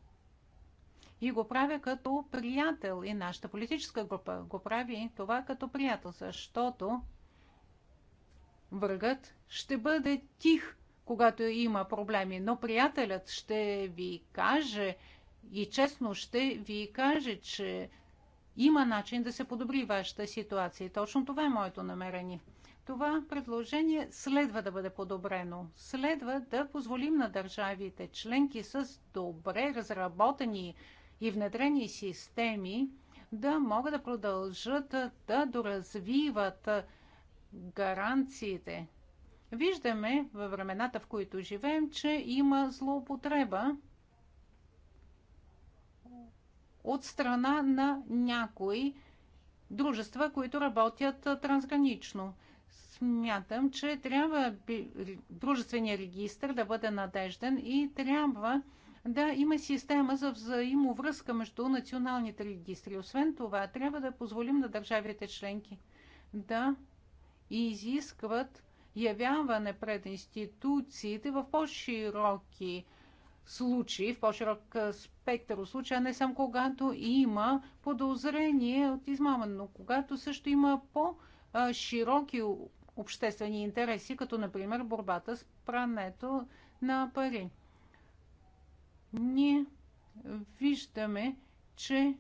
И го правя като приятел и нашата политическа група го прави това като приятел, защото врагът ще бъде тих когато има проблеми. Но приятелят ще ви каже и честно ще ви каже, че има начин да се подобри вашата ситуация. точно това е моето намерение. Това предложение следва да бъде подобрено. Следва да позволим на държавите членки с добре разработени и внедрени системи да могат да продължат да доразвиват гаранциите Виждаме във времената, в които живеем, че има злоупотреба от страна на някои дружества, които работят трансгранично. Смятам, че трябва дружествения регистр да бъде надежден и трябва да има система за взаимовръзка между националните регистри. Освен това, трябва да позволим на държавите членки да изискват явяване пред институциите в по-широки случаи, в по-широк спектър от случая, не само когато има подозрение от измама, но когато също има по-широки обществени интереси, като например борбата с прането на пари. Ние виждаме, че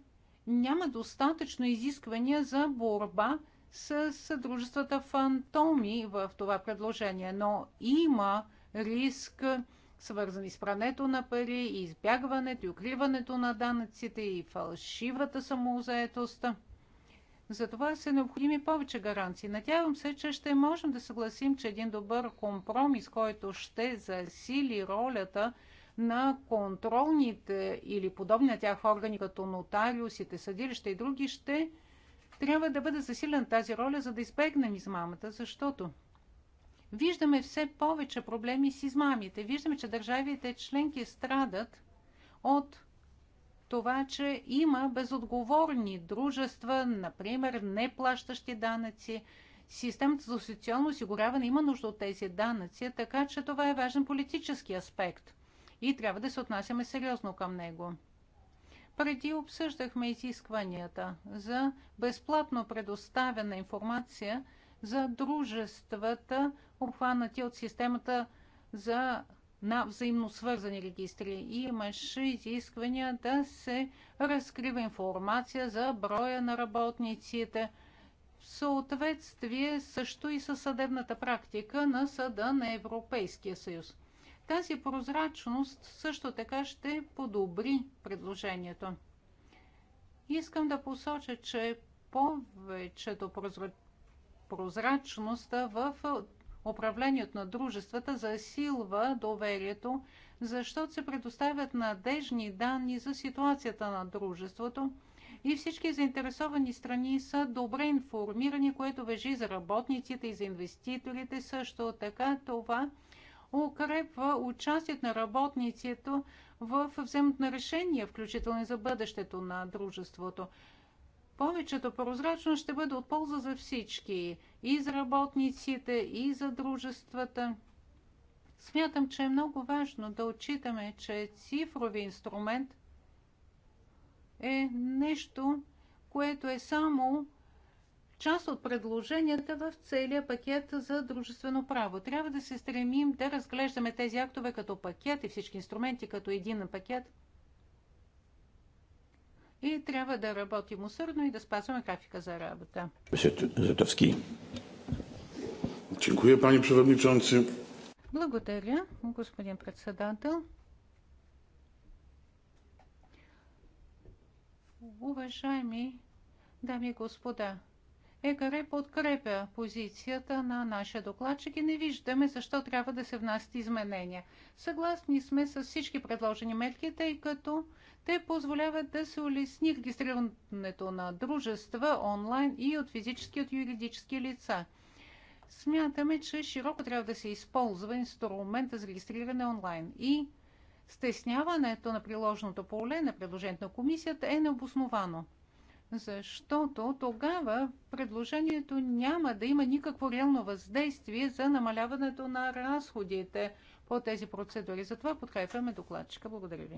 няма достатъчно изисквания за борба с съдружествата фантоми в това предложение, но има риск свързани с прането на пари, избягването и укриването на данъците и фалшивата самозаетост. Затова са необходими повече гаранции. Надявам се, че ще можем да съгласим, че един добър компромис, който ще засили ролята на контролните или подобни на тях органи, като нотариусите, съдилища и други, ще трябва да бъде засилена тази роля, за да избегнем измамата, защото виждаме все повече проблеми с измамите. Виждаме, че държавите членки страдат от това, че има безотговорни дружества, например, неплащащи данъци. Системата за социално осигуряване има нужда от тези данъци, така че това е важен политически аспект и трябва да се отнасяме сериозно към него. Преди обсъждахме изискванията за безплатно предоставена информация за дружествата, обхванати от системата за на взаимно свързани регистри. И имаше изисквания да се разкрива информация за броя на работниците в съответствие също и със съдебната практика на Съда на Европейския съюз. Тази прозрачност също така ще подобри предложението. Искам да посоча, че повечето прозрачност в управлението на дружествата засилва доверието, защото се предоставят надежни данни за ситуацията на дружеството и всички заинтересовани страни са добре информирани, което вежи за работниците и за инвеститорите. Също така това укрепва участието на работниците в вземането на решения, включително и за бъдещето на дружеството. Повечето прозрачност ще бъде от полза за всички, и за работниците, и за дружествата. Смятам, че е много важно да отчитаме, че цифрови инструмент е нещо, което е само част от предложенията в целия пакет за дружествено право. Трябва да се стремим да разглеждаме тези актове като пакет и всички инструменти като един пакет. И трябва да работим усърдно и да спазваме графика за работа. Затовски. Дякую, пани Przewodniczący. Благодаря, господин председател. Уважаеми дами и господа, ЕКР подкрепя позицията на нашия докладчик и не виждаме защо трябва да се внасят изменения. Съгласни сме с всички предложени мерки, тъй като те позволяват да се улесни регистрирането на дружества онлайн и от физически и от юридически лица. Смятаме, че широко трябва да се използва инструмента за регистриране онлайн и стесняването на приложното поле на предложението на комисията е необосновано защото тогава предложението няма да има никакво реално въздействие за намаляването на разходите по тези процедури. Затова подкрепяме докладчика. Благодаря ви.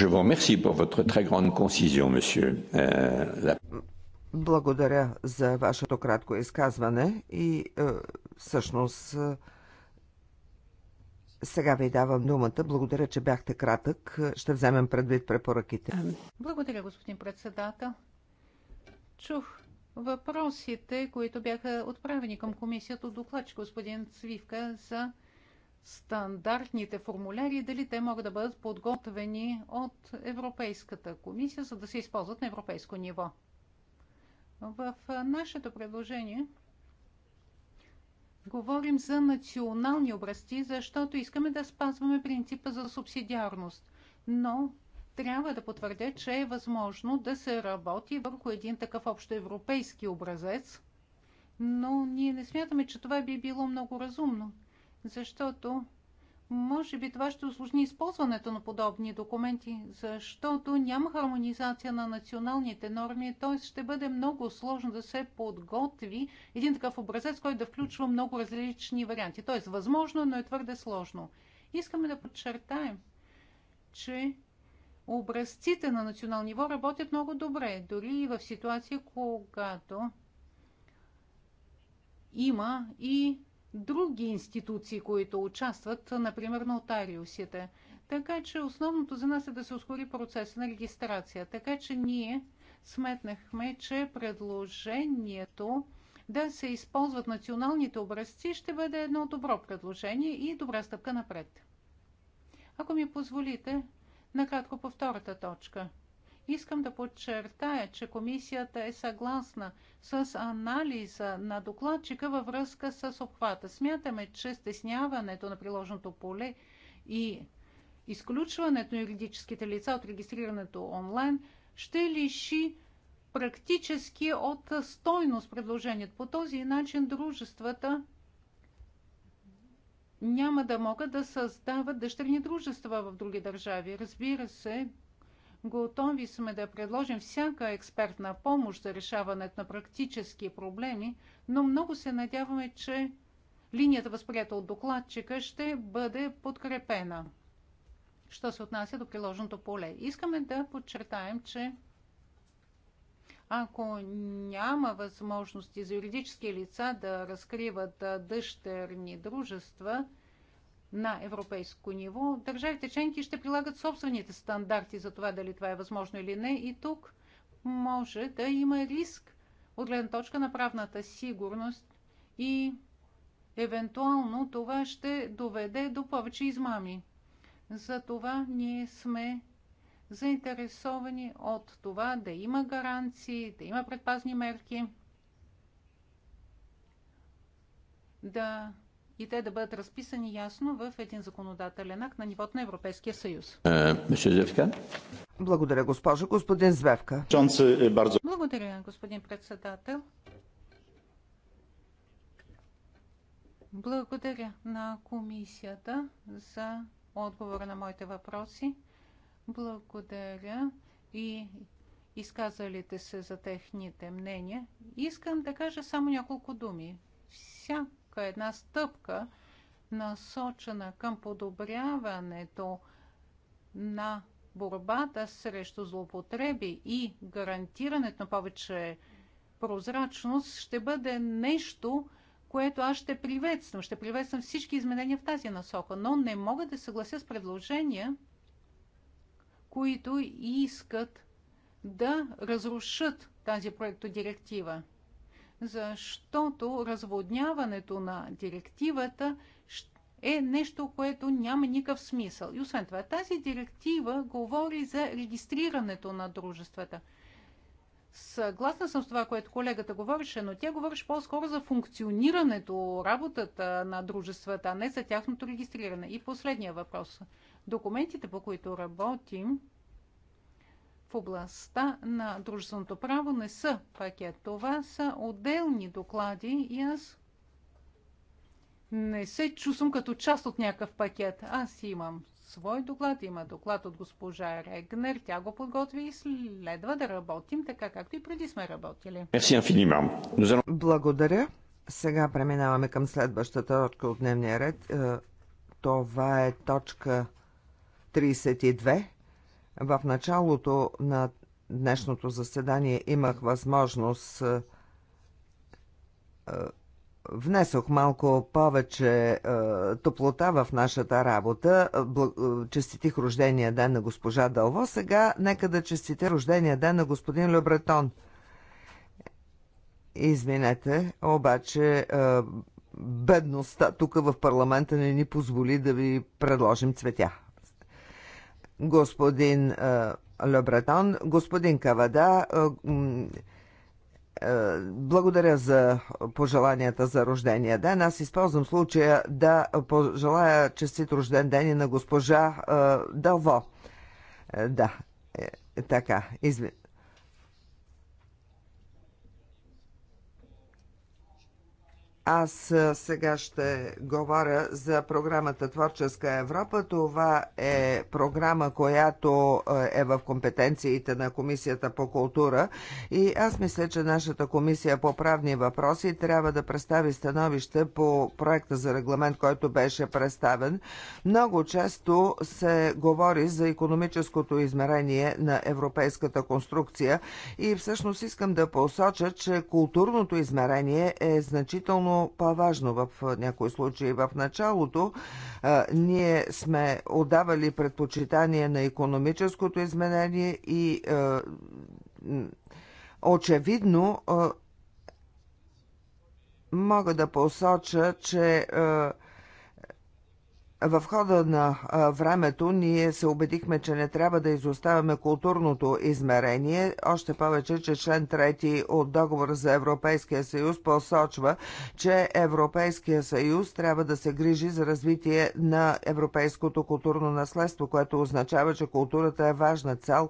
Je vous remercie pour votre très grande concision, monsieur. Euh, la... Благодаря за вашето кратко изказване и е, всъщност е, сега ви давам думата. Благодаря, че бяхте кратък. Ще вземем предвид препоръките. Благодаря, господин председател. Чух въпросите, които бяха отправени към комисията от докладчик господин Цвивка за стандартните формуляри, дали те могат да бъдат подготвени от Европейската комисия, за да се използват на европейско ниво. В нашето предложение говорим за национални образци, защото искаме да спазваме принципа за субсидиарност. Но трябва да потвърдя, че е възможно да се работи върху един такъв общоевропейски образец, но ние не смятаме, че това би било много разумно, защото може би това ще осложни използването на подобни документи, защото няма хармонизация на националните норми, т.е. ще бъде много сложно да се подготви един такъв образец, който да включва много различни варианти. Т.е. възможно, но е твърде сложно. Искаме да подчертаем, че образците на национално ниво работят много добре, дори и в ситуация, когато има и други институции, които участват, например нотариусите. Така че основното за нас е да се ускори процес на регистрация. Така че ние сметнахме, че предложението да се използват националните образци ще бъде едно добро предложение и добра стъпка напред. Ако ми позволите, накратко по втората точка – Искам да подчертая, че комисията е съгласна с анализа на докладчика във връзка с обхвата. Смятаме, че стесняването на приложното поле и изключването на юридическите лица от регистрирането онлайн ще лиши практически от стойност предложението. По този начин дружествата няма да могат да създават дъщерни дружества в други държави. Разбира се, Готови сме да предложим всяка експертна помощ за решаването на практически проблеми, но много се надяваме, че линията, възприята от докладчика, ще бъде подкрепена. Що се отнася до приложеното поле? Искаме да подчертаем, че ако няма възможности за юридически лица да разкриват дъщерни дружества – на европейско ниво, държавите членки ще прилагат собствените стандарти за това дали това е възможно или не. И тук може да има риск от гледна точка на правната сигурност и евентуално това ще доведе до повече измами. Затова ние сме заинтересовани от това да има гаранции, да има предпазни мерки, да и те да бъдат разписани ясно в един законодателен акт на нивото на Европейския съюз. Е, Благодаря, госпожо. Господин Звевка. Е Благодаря, господин председател. Благодаря на комисията за отговора на моите въпроси. Благодаря и изказалите се за техните мнения. Искам да кажа само няколко думи. Всяко стъпка, е една стъпка насочена към подобряването на борбата срещу злоупотреби и гарантирането на повече прозрачност ще бъде нещо, което аз ще приветствам. Ще приветствам всички изменения в тази насока, но не мога да съглася с предложения, които искат да разрушат тази проектодиректива защото разводняването на директивата е нещо, което няма никакъв смисъл. И освен това, тази директива говори за регистрирането на дружествата. Съгласна съм с това, което колегата говореше, но тя говореше по-скоро за функционирането, работата на дружествата, а не за тяхното регистриране. И последния въпрос. Документите, по които работим, в областта на дружественото право не са пакет. Това са отделни доклади и аз не се чувствам като част от някакъв пакет. Аз имам свой доклад, има доклад от госпожа Регнер, тя го подготви и следва да работим така, както и преди сме работили. Благодаря. Сега преминаваме към следващата точка от дневния ред. Е, това е точка 32. В началото на днешното заседание имах възможност е, е, внесох малко повече е, топлота в нашата работа. Бл... Е, честитих рождения ден на госпожа Дълво. Сега нека да честите рождения ден на господин Лебретон. Извинете, обаче е, бедността тук в парламента не ни позволи да ви предложим цветя господин Лебретон, господин Кавада, благодаря за пожеланията за рождения ден. Аз използвам случая да пожелая честит рожден ден и на госпожа Дълво. Е, да, е, така, извинявам Аз сега ще говоря за програмата Творческа Европа. Това е програма, която е в компетенциите на Комисията по култура и аз мисля, че нашата комисия по правни въпроси трябва да представи становище по проекта за регламент, който беше представен. Много често се говори за економическото измерение на европейската конструкция и всъщност искам да посоча, че културното измерение е значително значително по-важно в някои случаи. В началото ние сме отдавали предпочитание на економическото изменение и очевидно мога да посоча, че в хода на времето ние се убедихме, че не трябва да изоставяме културното измерение, още повече, че член 3 от договора за Европейския съюз посочва, че Европейския съюз трябва да се грижи за развитие на европейското културно наследство, което означава, че културата е важна цел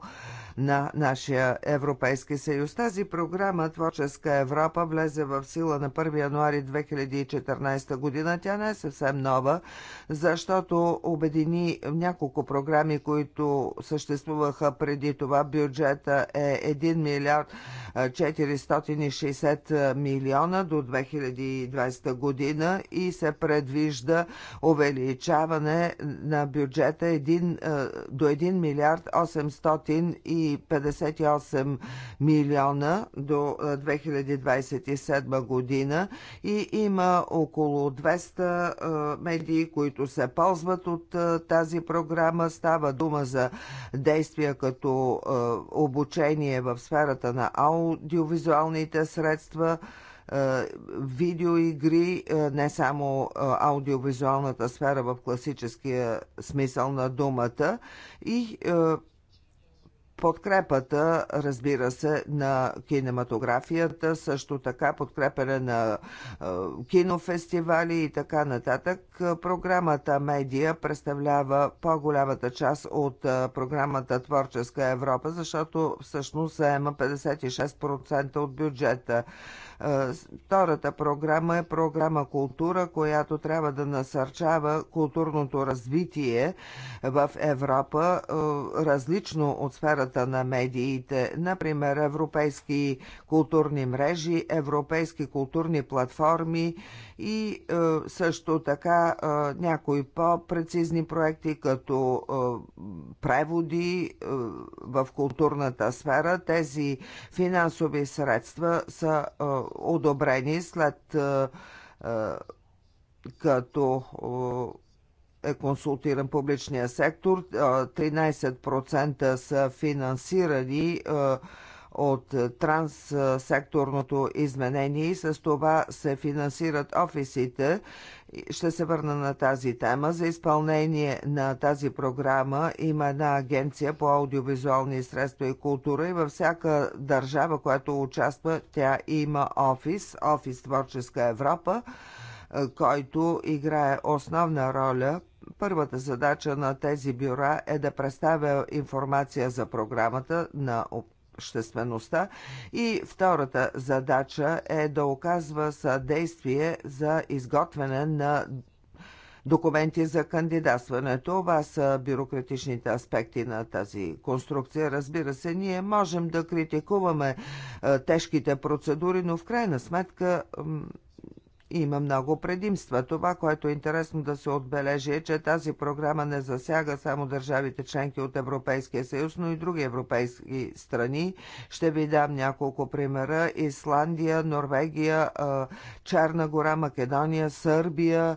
на нашия Европейски съюз. Тази програма Творческа Европа влезе в сила на 1 януари 2014 година. Тя не е съвсем нова, защото обедини няколко програми, които съществуваха преди това. Бюджета е 1 милиард 460 милиона до 2020 година и се предвижда увеличаване на бюджета 1, до 1 милиард 800 и 258 милиона до 2027 година и има около 200 медии, които се ползват от тази програма. Става дума за действия като обучение в сферата на аудиовизуалните средства, видеоигри, не само аудиовизуалната сфера в класическия смисъл на думата и подкрепата, разбира се, на кинематографията, също така подкрепене на кинофестивали и така нататък. Програмата Медия представлява по-голямата част от програмата Творческа Европа, защото всъщност заема 56% от бюджета. Втората програма е програма Култура, която трябва да насърчава културното развитие в Европа, различно от сферата на медиите. Например, европейски културни мрежи, европейски културни платформи и също така някои по-прецизни проекти, като преводи в културната сфера. Тези финансови средства са одобрени след е, е, като е, е консултиран публичния сектор. 13% са финансирани от транссекторното изменение и с това се финансират офисите. Ще се върна на тази тема. За изпълнение на тази програма има една агенция по аудиовизуални средства и култура и във всяка държава, която участва, тя има офис, офис Творческа Европа, който играе основна роля Първата задача на тези бюра е да представя информация за програмата на обществеността и втората задача е да оказва съдействие за изготвяне на документи за кандидатстване. Това са бюрократичните аспекти на тази конструкция. Разбира се, ние можем да критикуваме е, тежките процедури, но в крайна сметка има много предимства. Това, което е интересно да се отбележи е, че тази програма не засяга само държавите членки от Европейския съюз, но и други европейски страни. Ще ви дам няколко примера. Исландия, Норвегия, Черна гора, Македония, Сърбия.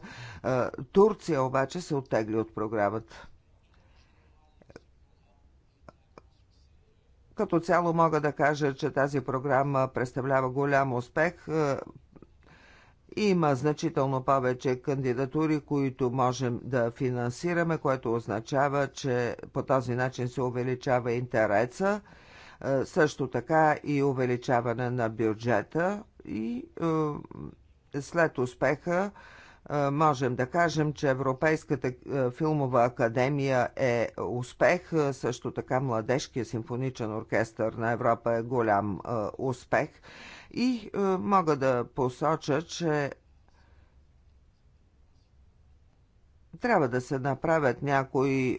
Турция обаче се оттегли от програмата. Като цяло мога да кажа, че тази програма представлява голям успех. Има значително повече кандидатури, които можем да финансираме, което означава, че по този начин се увеличава интереса, е, също така и увеличаване на бюджета и е, след успеха е, можем да кажем, че Европейската филмова академия е успех, също така Младежкия симфоничен оркестър на Европа е голям успех. И е, мога да посоча, че трябва да се направят някои е,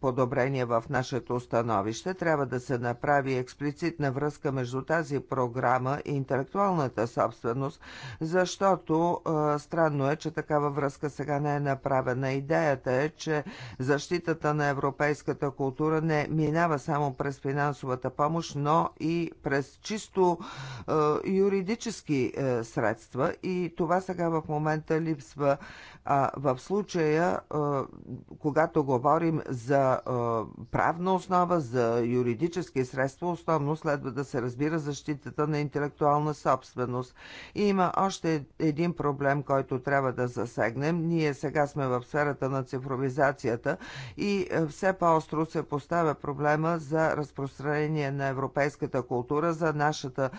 подобрение в нашето становище. Трябва да се направи експлицитна връзка между тази програма и интелектуалната собственост, защото е, странно е, че такава връзка сега не е направена. Идеята е, че защитата на европейската култура не минава само през финансовата помощ, но и през чисто е, юридически е, средства и това сега в момента липсва. А в случая, когато говорим за правна основа, за юридически средства, основно следва да се разбира защитата на интелектуална собственост. И има още един проблем, който трябва да засегнем. Ние сега сме в сферата на цифровизацията и все по-остро се поставя проблема за разпространение на европейската култура, за нашата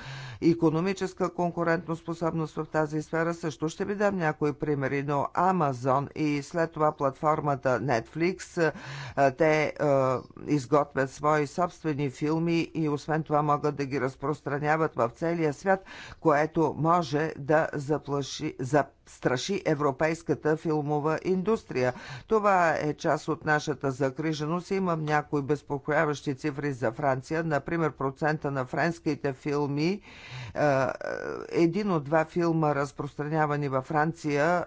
економическа конкурентоспособност в тази сфера. Също ще ви дам някои примери, но Amazon и след това платформата Netflix, те изготвят свои собствени филми и освен това могат да ги разпространяват в целия свят, което може да заплаши, застраши европейската филмова индустрия. Това е част от нашата загриженост. Имам някои безпокояващи цифри за Франция. Например, процента на френските филми, един от два филма разпространявани във Франция,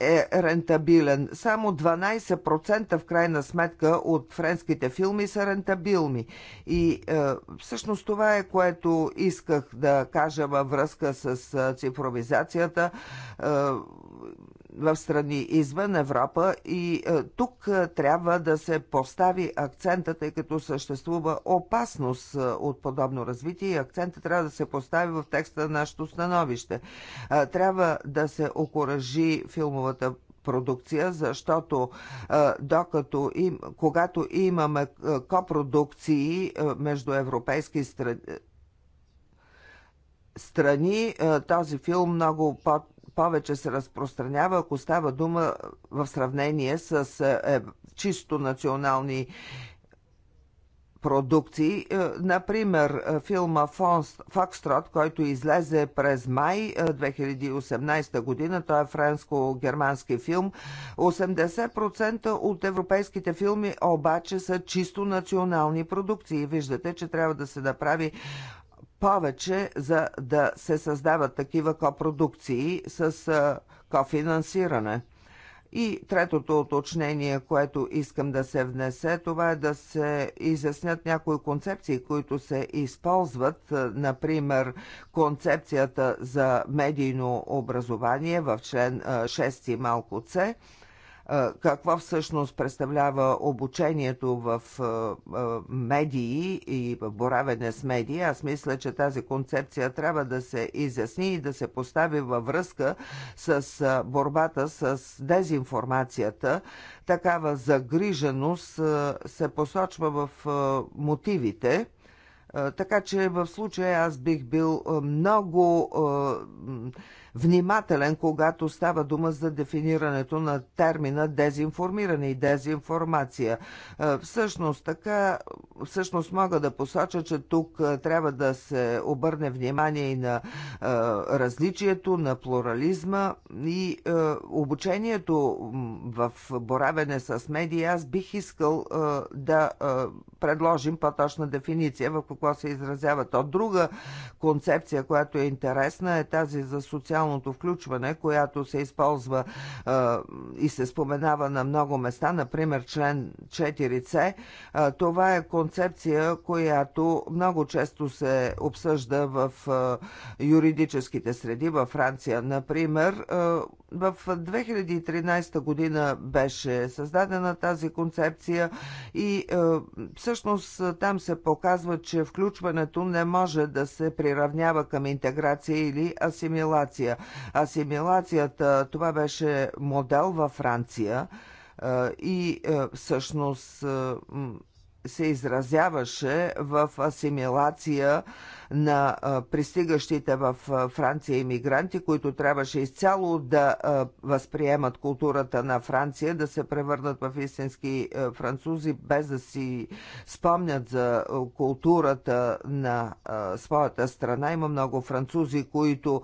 е рентабилен. Само 12% в крайна сметка от френските филми са рентабилни. И е, всъщност това е което исках да кажа във връзка с е, цифровизацията. Е, в страни извън Европа и е, тук е, трябва да се постави акцента, тъй като съществува опасност е, от подобно развитие и акцента трябва да се постави в текста на нашето становище. Трябва да се окоръжи филмовата продукция, защото докато им, когато имаме копродукции между европейски страни, страни, този филм много под повече се разпространява, ако става дума в сравнение с е, чисто национални продукции. Е, например, е, филма Фокстрот, който излезе през май 2018 е, година. Той е френско-германски филм. 80% от европейските филми обаче са чисто национални продукции. Виждате, че трябва да се направи повече, за да се създават такива копродукции с кофинансиране. И третото уточнение, което искам да се внесе, това е да се изяснят някои концепции, които се използват, например концепцията за медийно образование в член 6 малко С, какво всъщност представлява обучението в медии и в боравене с медии, аз мисля, че тази концепция трябва да се изясни и да се постави във връзка с борбата с дезинформацията. Такава загриженост се посочва в мотивите. Така че в случая аз бих бил много внимателен, когато става дума за дефинирането на термина дезинформиране и дезинформация. Е, всъщност така, всъщност мога да посоча, че тук е, трябва да се обърне внимание и на е, различието, на плурализма и обучението в боравене с медии. Аз бих искал да предложим по-точна дефиниция в какво се изразява то. Друга концепция, която е интересна е тази за социално социалното включване, която се използва а, и се споменава на много места, например член 4C, а, това е концепция, която много често се обсъжда в а, юридическите среди във Франция. Например, а, в 2013 година беше създадена тази концепция и а, всъщност там се показва, че включването не може да се приравнява към интеграция или асимилация. Асимилацията, това беше модел във Франция и всъщност се изразяваше в асимилация на пристигащите в Франция иммигранти, които трябваше изцяло да възприемат културата на Франция, да се превърнат в истински французи, без да си спомнят за културата на своята страна. Има много французи, които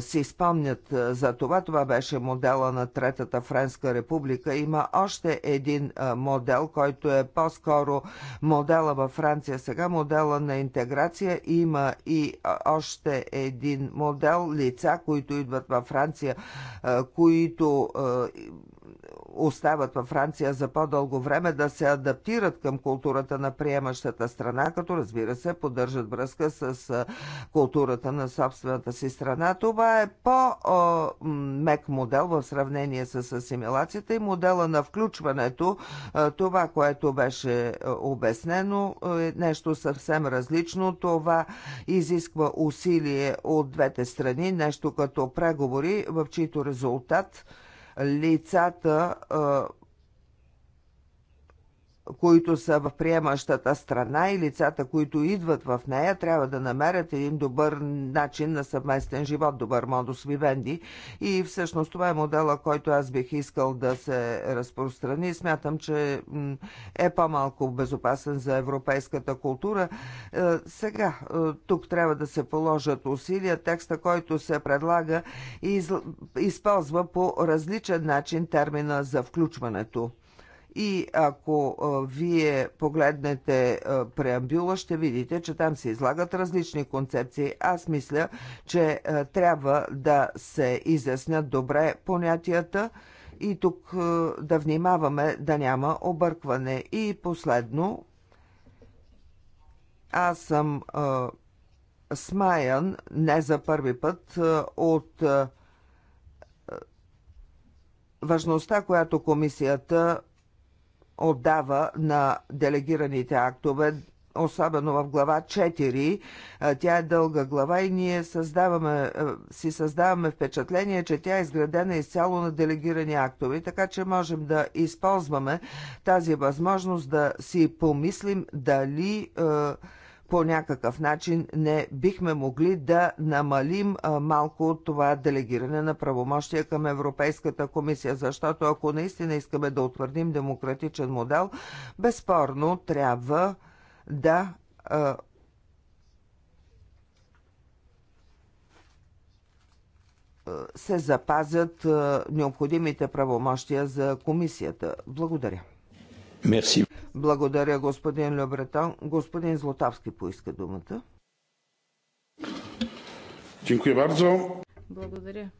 си спомнят за това. Това беше модела на Третата Френска република. Има още един модел, който е по-скоро модела във Франция сега, модела на интеграция и има и още един модел лица, които идват във Франция, които остават във Франция за по-дълго време, да се адаптират към културата на приемащата страна, като разбира се поддържат връзка с културата на собствената си страна. Това е по-мек модел в сравнение с асимилацията и модела на включването. Това, което беше обяснено, е нещо съвсем различно. Това изисква усилие от двете страни, нещо като преговори, в чието резултат лицата които са в приемащата страна и лицата, които идват в нея, трябва да намерят един добър начин на съвместен живот, добър модус вивенди. И всъщност това е модела, който аз бих искал да се разпространи. Смятам, че е по-малко безопасен за европейската култура. Е, сега, е, тук трябва да се положат усилия. Текста, който се предлага, използва по различен начин термина за включването. И ако вие погледнете преамбюла, ще видите, че там се излагат различни концепции. Аз мисля, че трябва да се изяснят добре понятията и тук да внимаваме да няма объркване. И последно, аз съм смаян не за първи път от важността, която комисията отдава на делегираните актове, особено в глава 4. Тя е дълга глава и ние създаваме, си създаваме впечатление, че тя е изградена изцяло на делегирани актове, така че можем да използваме тази възможност да си помислим дали е, по някакъв начин не бихме могли да намалим малко от това делегиране на правомощия към Европейската комисия, защото ако наистина искаме да утвърдим демократичен модел, безспорно трябва да се запазят необходимите правомощия за комисията. Благодаря. Мерси. Благодаря, господин Лебретан. Господин Злотавски поиска думата. Дякую бардзо. Благодаря.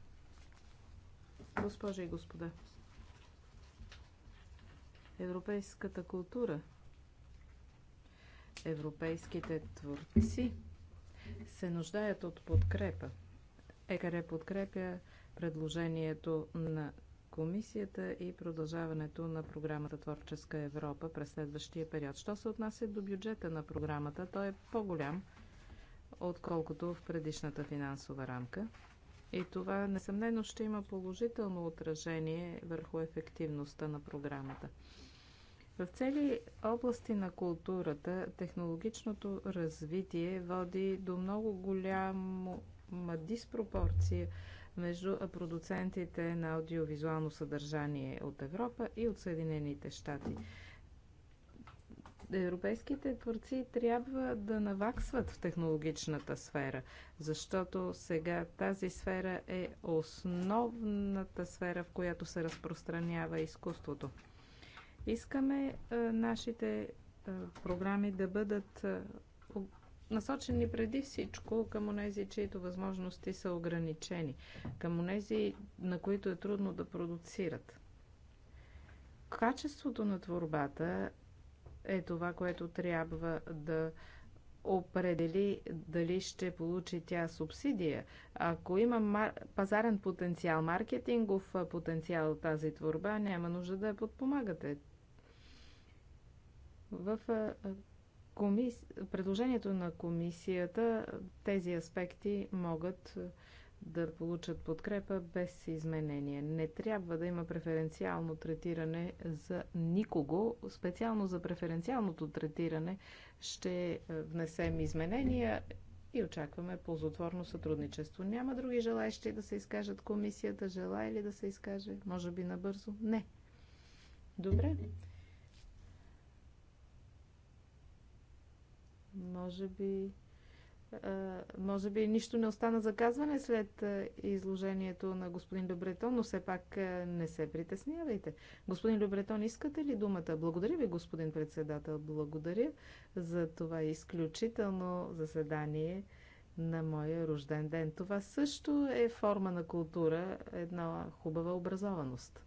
Госпожи и господа, европейската култура, европейските творци се нуждаят от подкрепа. ЕКР подкрепя предложението на комисията и продължаването на програмата Творческа Европа през следващия период. Що се отнася до бюджета на програмата, той е по-голям, отколкото в предишната финансова рамка. И това несъмнено ще има положително отражение върху ефективността на програмата. В цели области на културата технологичното развитие води до много голяма диспропорция между продуцентите на аудиовизуално съдържание от Европа и от Съединените щати. Европейските творци трябва да наваксват в технологичната сфера, защото сега тази сфера е основната сфера, в която се разпространява изкуството. Искаме нашите програми да бъдат насочени преди всичко към онези, чието възможности са ограничени, към онези, на които е трудно да продуцират. Качеството на творбата е това, което трябва да определи дали ще получи тя субсидия. Ако има мар... пазарен потенциал, маркетингов потенциал тази творба, няма нужда да я подпомагате. В коми... предложението на комисията тези аспекти могат да получат подкрепа без изменение. Не трябва да има преференциално третиране за никого. Специално за преференциалното третиране ще е, внесем изменения и очакваме ползотворно сътрудничество. Няма други желаящи да се изкажат. Комисията желая ли да се изкаже? Може би набързо? Не. Добре. Може би, може би нищо не остана за казване след изложението на господин Добретон, но все пак не се притеснявайте. Господин Добретон, искате ли думата? Благодаря ви, господин председател. Благодаря за това изключително заседание на моя рожден ден. Това също е форма на култура, една хубава образованост.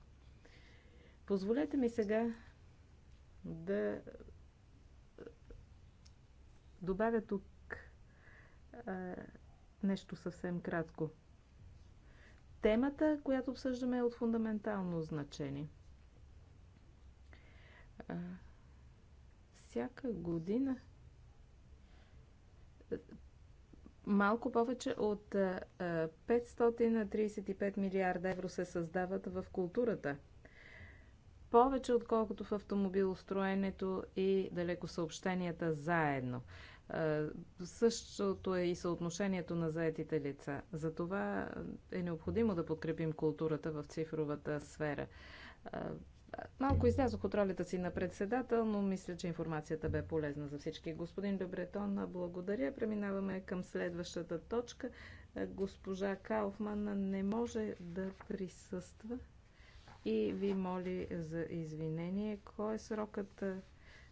Позволете ми сега да добавя тук е, нещо съвсем кратко. Темата, която обсъждаме, е от фундаментално значение. Е, всяка година малко повече от 535 милиарда евро се създават в културата – повече отколкото в автомобилостроенето и далекосъобщенията заедно. Същото е и съотношението на заетите лица. Затова е необходимо да подкрепим културата в цифровата сфера. Малко излязох от ролята си на председател, но мисля, че информацията бе полезна за всички. Господин Добретон, благодаря. Преминаваме към следващата точка. Госпожа Кауфман не може да присъства и ви моли за извинение. Кой е срокът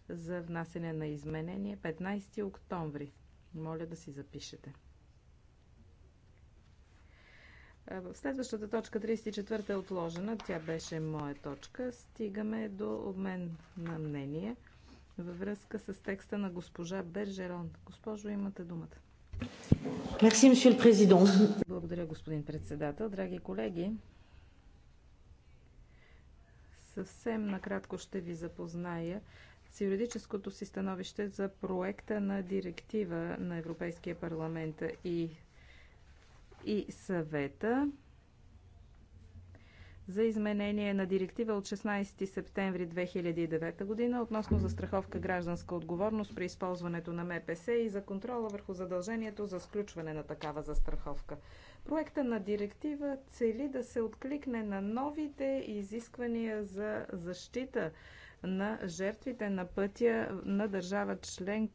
за внасене на изменение? 15 октомври. Моля да си запишете. В следващата точка 34 е отложена. Тя беше моя точка. Стигаме до обмен на мнение във връзка с текста на госпожа Бержерон. Госпожо, имате думата. Благодаря, господин председател. Драги колеги, Съвсем накратко ще ви запозная с юридическото си становище за проекта на директива на Европейския парламент и, и съвета за изменение на директива от 16 септември 2009 година относно застраховка гражданска отговорност при използването на МПС и за контрола върху задължението за сключване на такава застраховка. Проекта на директива цели да се откликне на новите изисквания за защита на жертвите на пътя на държава член,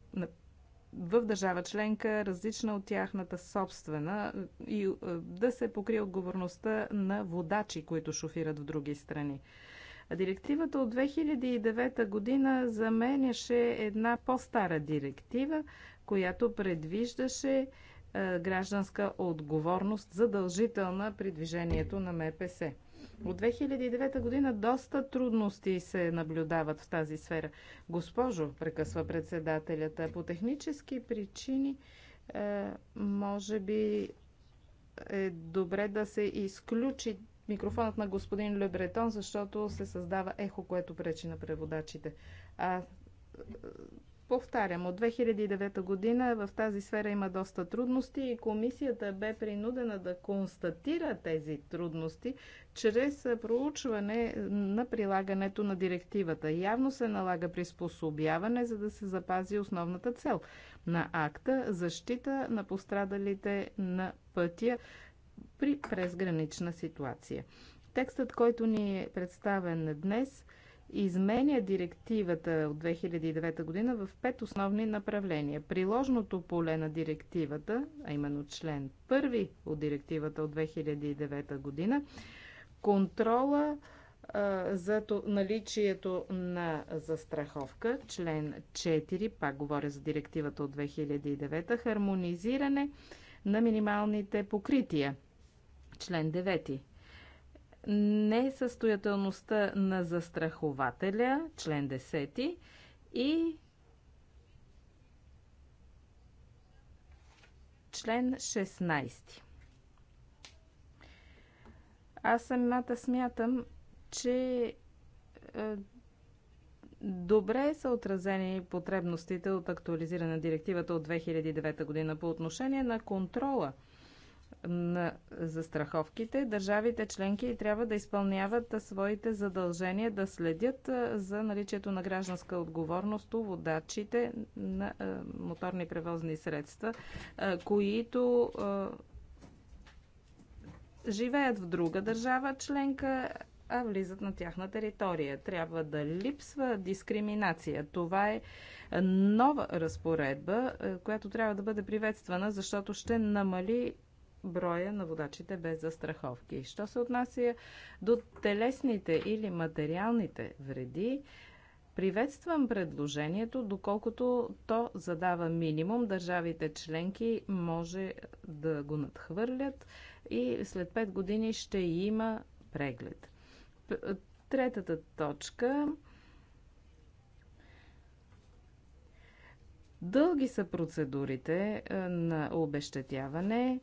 в държава членка, различна от тяхната собствена, и е, да се покрие отговорността на водачи, които шофират в други страни. Директивата от 2009 година заменяше една по-стара директива, която предвиждаше е, гражданска отговорност, задължителна при движението на МПС. От 2009 година доста трудности се наблюдават в тази сфера. Госпожо, прекъсва председателят, по технически причини е, може би е добре да се изключи микрофонът на господин Лебретон, защото се създава ехо, което пречи на преводачите. А Повтарям, от 2009 година в тази сфера има доста трудности и комисията бе принудена да констатира тези трудности чрез проучване на прилагането на директивата. Явно се налага приспособяване, за да се запази основната цел на акта защита на пострадалите на пътя при презгранична ситуация. Текстът, който ни е представен днес – изменя директивата от 2009 година в пет основни направления. Приложното поле на директивата, а именно член първи от директивата от 2009 година, контрола а, за наличието на застраховка, член 4, пак говоря за директивата от 2009, хармонизиране на минималните покрития, член 9 несъстоятелността на застрахователя, член 10, и член 16. Аз самата смятам, че е, добре са отразени потребностите от актуализиране директивата от 2009 година по отношение на контрола – на застраховките, държавите членки трябва да изпълняват своите задължения да следят за наличието на гражданска отговорност у водачите на моторни превозни средства, които живеят в друга държава членка, а влизат на тяхна територия. Трябва да липсва дискриминация. Това е нова разпоредба, която трябва да бъде приветствана, защото ще намали броя на водачите без застраховки. Що се отнася до телесните или материалните вреди, Приветствам предложението, доколкото то задава минимум. Държавите членки може да го надхвърлят и след 5 години ще има преглед. Третата точка. Дълги са процедурите на обещетяване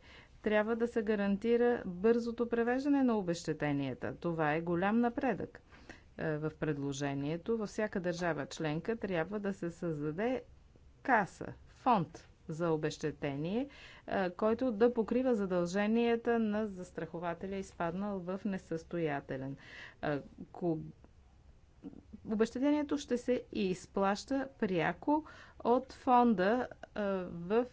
трябва да се гарантира бързото превеждане на обещетенията. Това е голям напредък е, в предложението. Във всяка държава членка трябва да се създаде каса, фонд за обещетение, е, който да покрива задълженията на застрахователя, изпаднал в несъстоятелен. Е, Обещетението ще се изплаща пряко от фонда в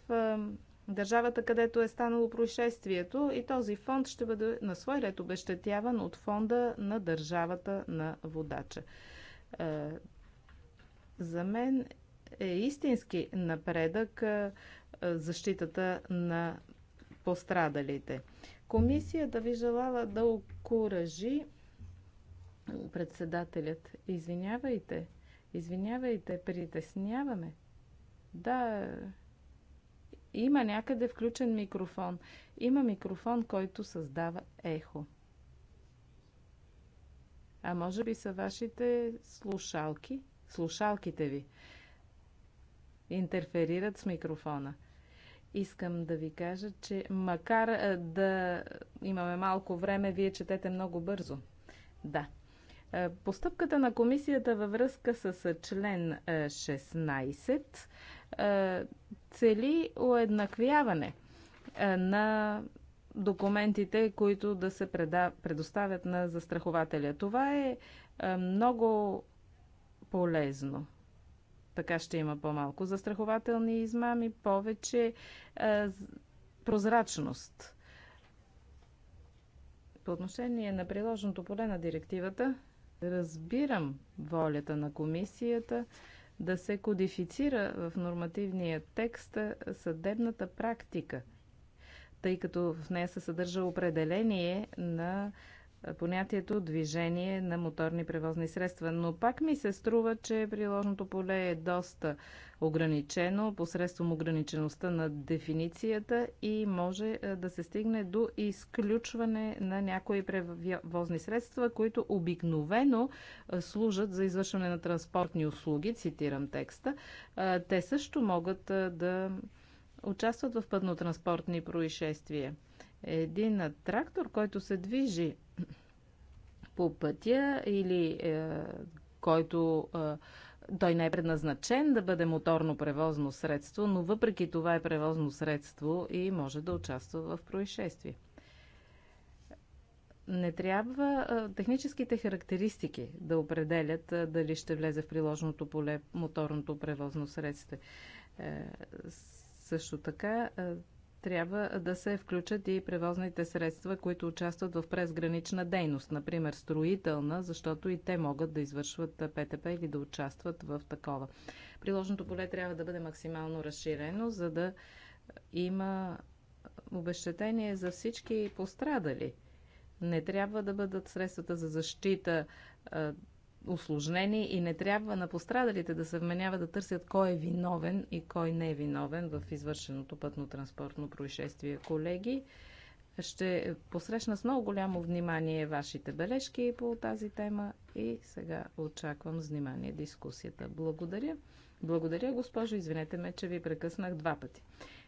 държавата, където е станало происшествието и този фонд ще бъде на свой ред обещетяван от фонда на държавата на водача. Е, за мен е истински напредък е, защитата на пострадалите. Комисията ви желала да окоръжи председателят. Извинявайте, извинявайте, притесняваме. Да, има някъде включен микрофон. Има микрофон, който създава ехо. А може би са вашите слушалки? Слушалките ви интерферират с микрофона. Искам да ви кажа, че макар да имаме малко време, вие четете много бързо. Да. Постъпката на комисията във връзка с член 16 е, цели уеднаквяване е, на документите, които да се предоставят на застрахователя. Това е, е много полезно. Така ще има по-малко застрахователни измами, повече прозрачност. По отношение на приложното поле на директивата, разбирам волята на комисията да се кодифицира в нормативния текст съдебната практика, тъй като в нея се съдържа определение на понятието движение на моторни превозни средства. Но пак ми се струва, че приложното поле е доста ограничено посредством ограничеността на дефиницията и може е, да се стигне до изключване на някои превозни средства, които обикновено е, служат за извършване на транспортни услуги, цитирам текста. Е, те също могат да участват в пътно-транспортни происшествия един трактор, който се движи по пътя или е, който е, той не е предназначен да бъде моторно превозно средство, но въпреки това е превозно средство и може да участва в происшествие. Не трябва е, техническите характеристики да определят е, дали ще влезе в приложното поле моторното превозно средство. Е, също така е, трябва да се включат и превозните средства, които участват в презгранична дейност, например строителна, защото и те могат да извършват ПТП или да участват в такова. Приложното поле трябва да бъде максимално разширено, за да има обещетение за всички пострадали. Не трябва да бъдат средствата за защита осложнени и не трябва на пострадалите да се вменява да търсят кой е виновен и кой не е виновен в извършеното пътно-транспортно происшествие. Колеги, ще посрещна с много голямо внимание вашите бележки по тази тема и сега очаквам с внимание дискусията. Благодаря. Благодаря, госпожо. Извинете ме, че ви прекъснах два пъти.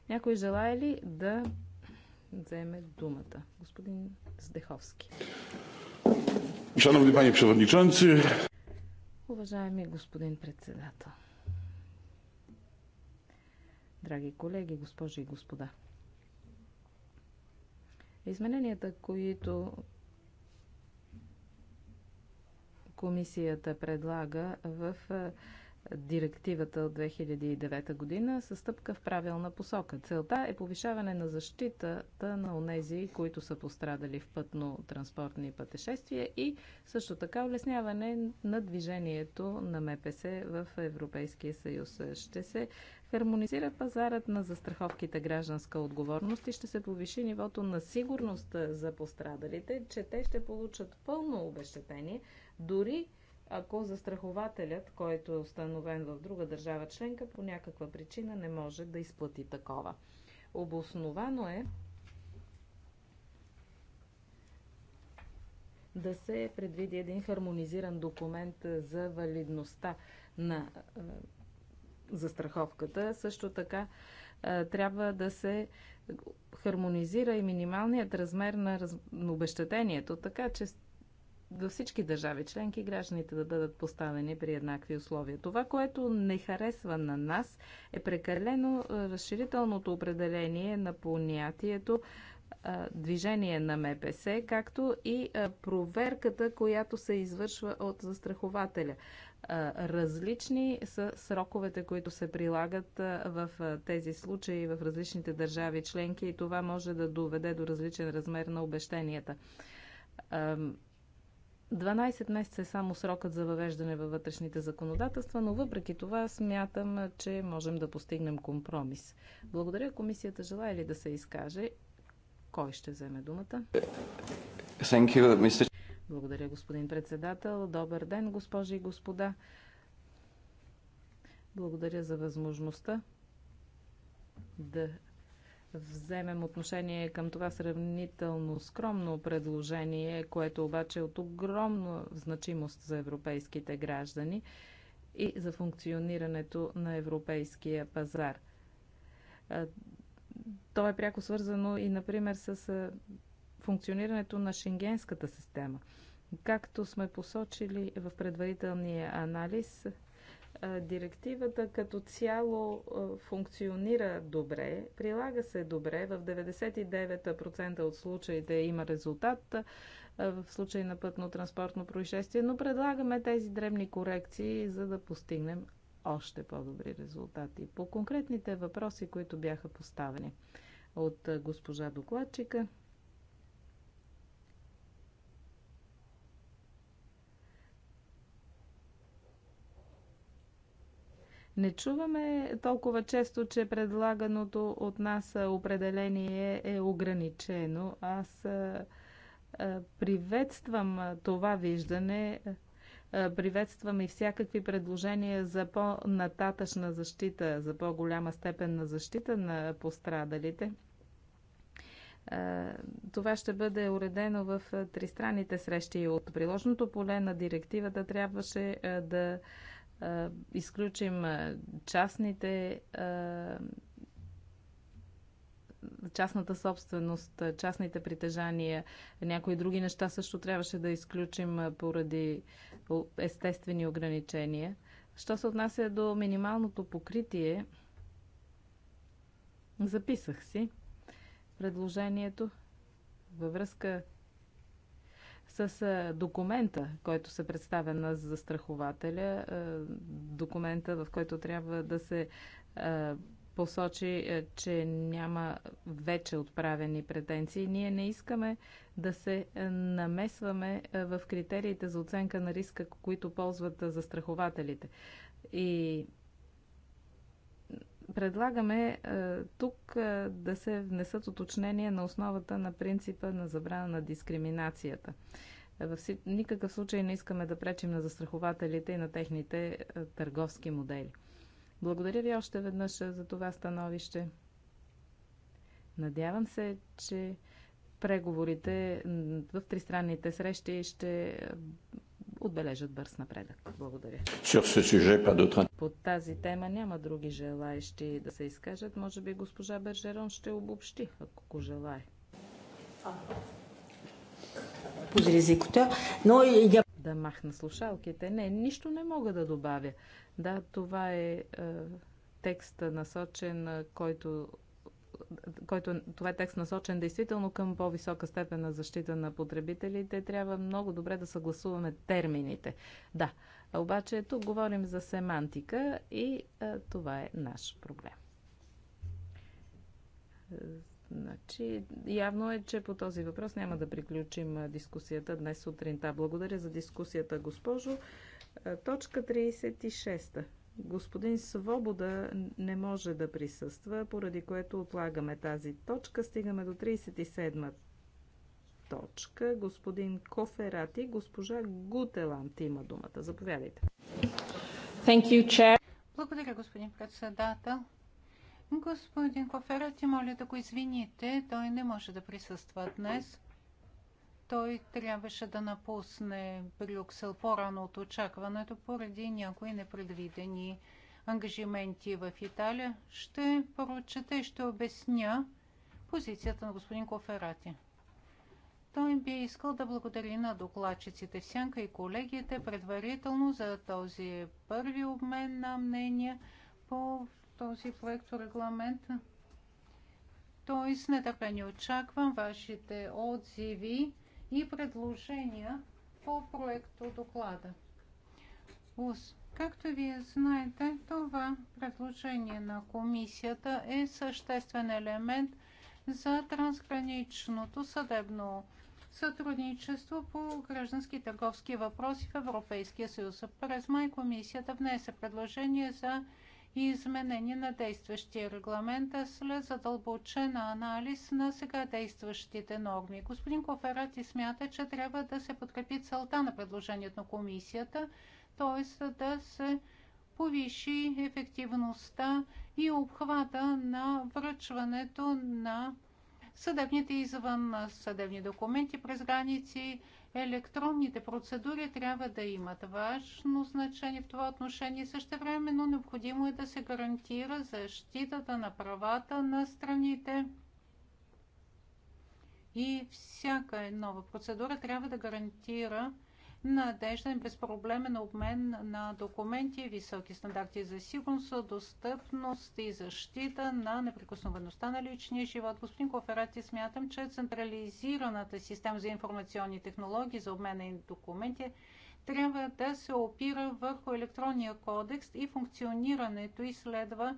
Някой желая ли да вземе думата? Господин Здеховски. Шановни пани Przewodniczący. Уважаеми господин председател, драги колеги, госпожи и господа, измененията, които комисията предлага в директивата от 2009 година са стъпка в правилна посока. Целта е повишаване на защитата на онези, които са пострадали в пътно-транспортни пътешествия и също така улесняване на движението на МПС в Европейския съюз. Ще се хармонизира пазарът на застраховките гражданска отговорност и ще се повиши нивото на сигурност за пострадалите, че те ще получат пълно обещетение, дори ако застрахователят, който е установен в друга държава членка, по някаква причина не може да изплати такова. Обосновано е да се предвиди един хармонизиран документ за валидността на е, застраховката. Също така е, трябва да се хармонизира и минималният размер на обещетението, така че във всички държави членки гражданите да бъдат поставени при еднакви условия. Това, което не харесва на нас, е прекалено е, разширителното определение на понятието е, движение на МПС, както и е, проверката, която се извършва от застрахователя. Различни са сроковете, които се прилагат в тези случаи в различните държави членки и това може да доведе до различен размер на обещенията 12 месеца е само срокът за въвеждане във вътрешните законодателства, но въпреки това смятам, че можем да постигнем компромис. Благодаря. Комисията желая ли да се изкаже? Кой ще вземе думата? You, Благодаря, господин председател. Добър ден, госпожи и господа. Благодаря за възможността да вземем отношение към това сравнително скромно предложение, което обаче е от огромна значимост за европейските граждани и за функционирането на европейския пазар. То е пряко свързано и, например, с функционирането на шенгенската система. Както сме посочили в предварителния анализ, Директивата като цяло функционира добре, прилага се добре. В 99% от случаите има резултат в случай на пътно-транспортно происшествие, но предлагаме тези дребни корекции, за да постигнем още по-добри резултати. По конкретните въпроси, които бяха поставени от госпожа докладчика, Не чуваме толкова често, че предлаганото от нас определение е ограничено. Аз приветствам това виждане. Приветствам и всякакви предложения за по-нататъчна защита, за по-голяма степен на защита на пострадалите. Това ще бъде уредено в тристранните срещи. От приложното поле на директивата трябваше да изключим частните частната собственост, частните притежания, някои други неща също трябваше да изключим поради естествени ограничения. Що се отнася до минималното покритие, записах си предложението във връзка с документа, който се представя на застрахователя, документа, в който трябва да се посочи, че няма вече отправени претенции. Ние не искаме да се намесваме в критериите за оценка на риска, които ползват застрахователите. И Предлагаме е, тук е, да се внесат уточнения на основата на принципа на забрана на дискриминацията. Е, в никакъв случай не искаме да пречим на застрахователите и на техните търговски модели. Благодаря ви още веднъж за това становище. Надявам се, че преговорите в тристранните срещи ще отбележат бърз напредък. Благодаря. По тази тема няма други желаещи да се изкажат. Може би госпожа Бержерон ще обобщи, ако го желае. Да махна слушалките. Не, нищо не мога да добавя. Да, това е, е насочен, който който това е текст насочен действително към по-висока степен на защита на потребителите, трябва много добре да съгласуваме термините. Да, обаче тук говорим за семантика и а, това е наш проблем. Значи, явно е, че по този въпрос няма да приключим дискусията днес сутринта. Благодаря за дискусията, госпожо. Точка 36. Господин Свобода не може да присъства, поради което отлагаме тази точка. Стигаме до 37 точка. Господин Коферати, госпожа Гутеланд има думата. Заповядайте. Thank you, chair. Благодаря, господин председател. Господин Коферати, моля да го извините, той не може да присъства днес. Той трябваше да напусне Брюксел по-рано от очакването поради някои непредвидени ангажименти в Италия. Ще прочета и ще обясня позицията на господин Коферати. Той би искал да благодари на докладчиците в Сянка и колегите предварително за този първи обмен на мнения по този проект регламент. Той с нетърпение очаквам вашите отзиви и предложения по проекто доклада. Както вие знаете, това предложение на комисията е съществен елемент за трансграничното съдебно сътрудничество по граждански и търговски въпроси в Европейския съюз. През май комисията внесе предложение за и изменение на действащия регламент, след задълбочен анализ на сега действащите норми. Господин Коферати смята, че трябва да се подкрепи целта на предложението на комисията, т.е. да се повиши ефективността и обхвата на връчването на съдебните извън съдебни документи през граници. Електронните процедури трябва да имат важно значение в това отношение също време, но необходимо е да се гарантира защитата на правата на страните. И всяка нова процедура трябва да гарантира надежден безпроблемен обмен на документи, високи стандарти за сигурност, достъпност и защита на неприкосновеността на личния живот. Господин Коферати, смятам, че централизираната система за информационни технологии за обмен на документи трябва да се опира върху електронния кодекс и функционирането и следва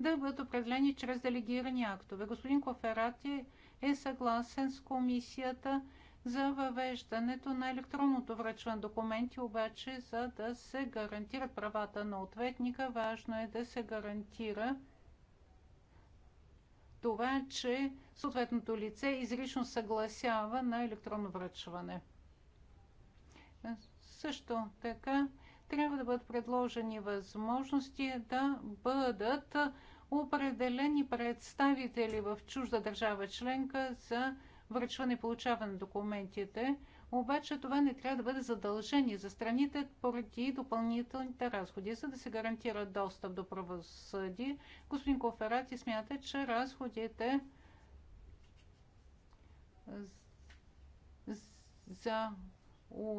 да бъдат определени чрез делегирани актове. Господин Коферати е съгласен с комисията, за въвеждането на електронното връчване документи, обаче за да се гарантират правата на ответника, важно е да се гарантира това, че съответното лице изрично съгласява на електронно връчване. Също така трябва да бъдат предложени възможности да бъдат определени представители в чужда държава членка за връчване и получаване на документите, обаче това не трябва да бъде задължение за страните поради допълнителните разходи. За да се гарантира достъп до правосъди. господин Коферати смята, че разходите за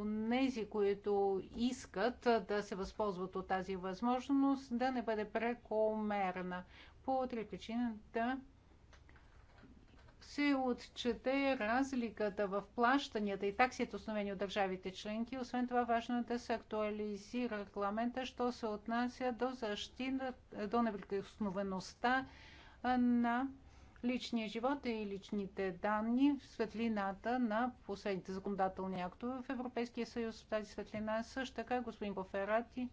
нези, които искат да се възползват от тази възможност, да не бъде прекомерна. По три причини да се отчете разликата в плащанията и таксите, основени от държавите членки. Освен това, важно е да се актуализира регламента, що се отнася до защита, до неприкосновеността на личния живот и личните данни в светлината на последните законодателни актове в Европейския съюз. В тази светлина също така господин Коферати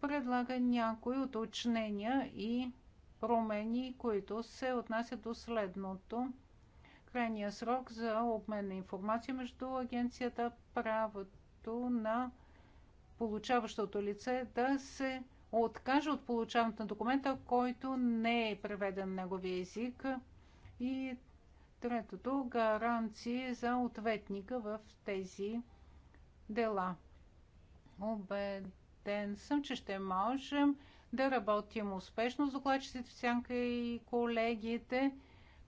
предлага някои уточнения и промени, които се отнасят до следното. Крайният срок за обмен на информация между агенцията, правото на получаващото лице да се откаже от получаването на документа, който не е преведен на неговия език. И третото гаранции за ответника в тези дела. Обеден съм, че ще можем да работим успешно с докладчиците в сянка и колегите,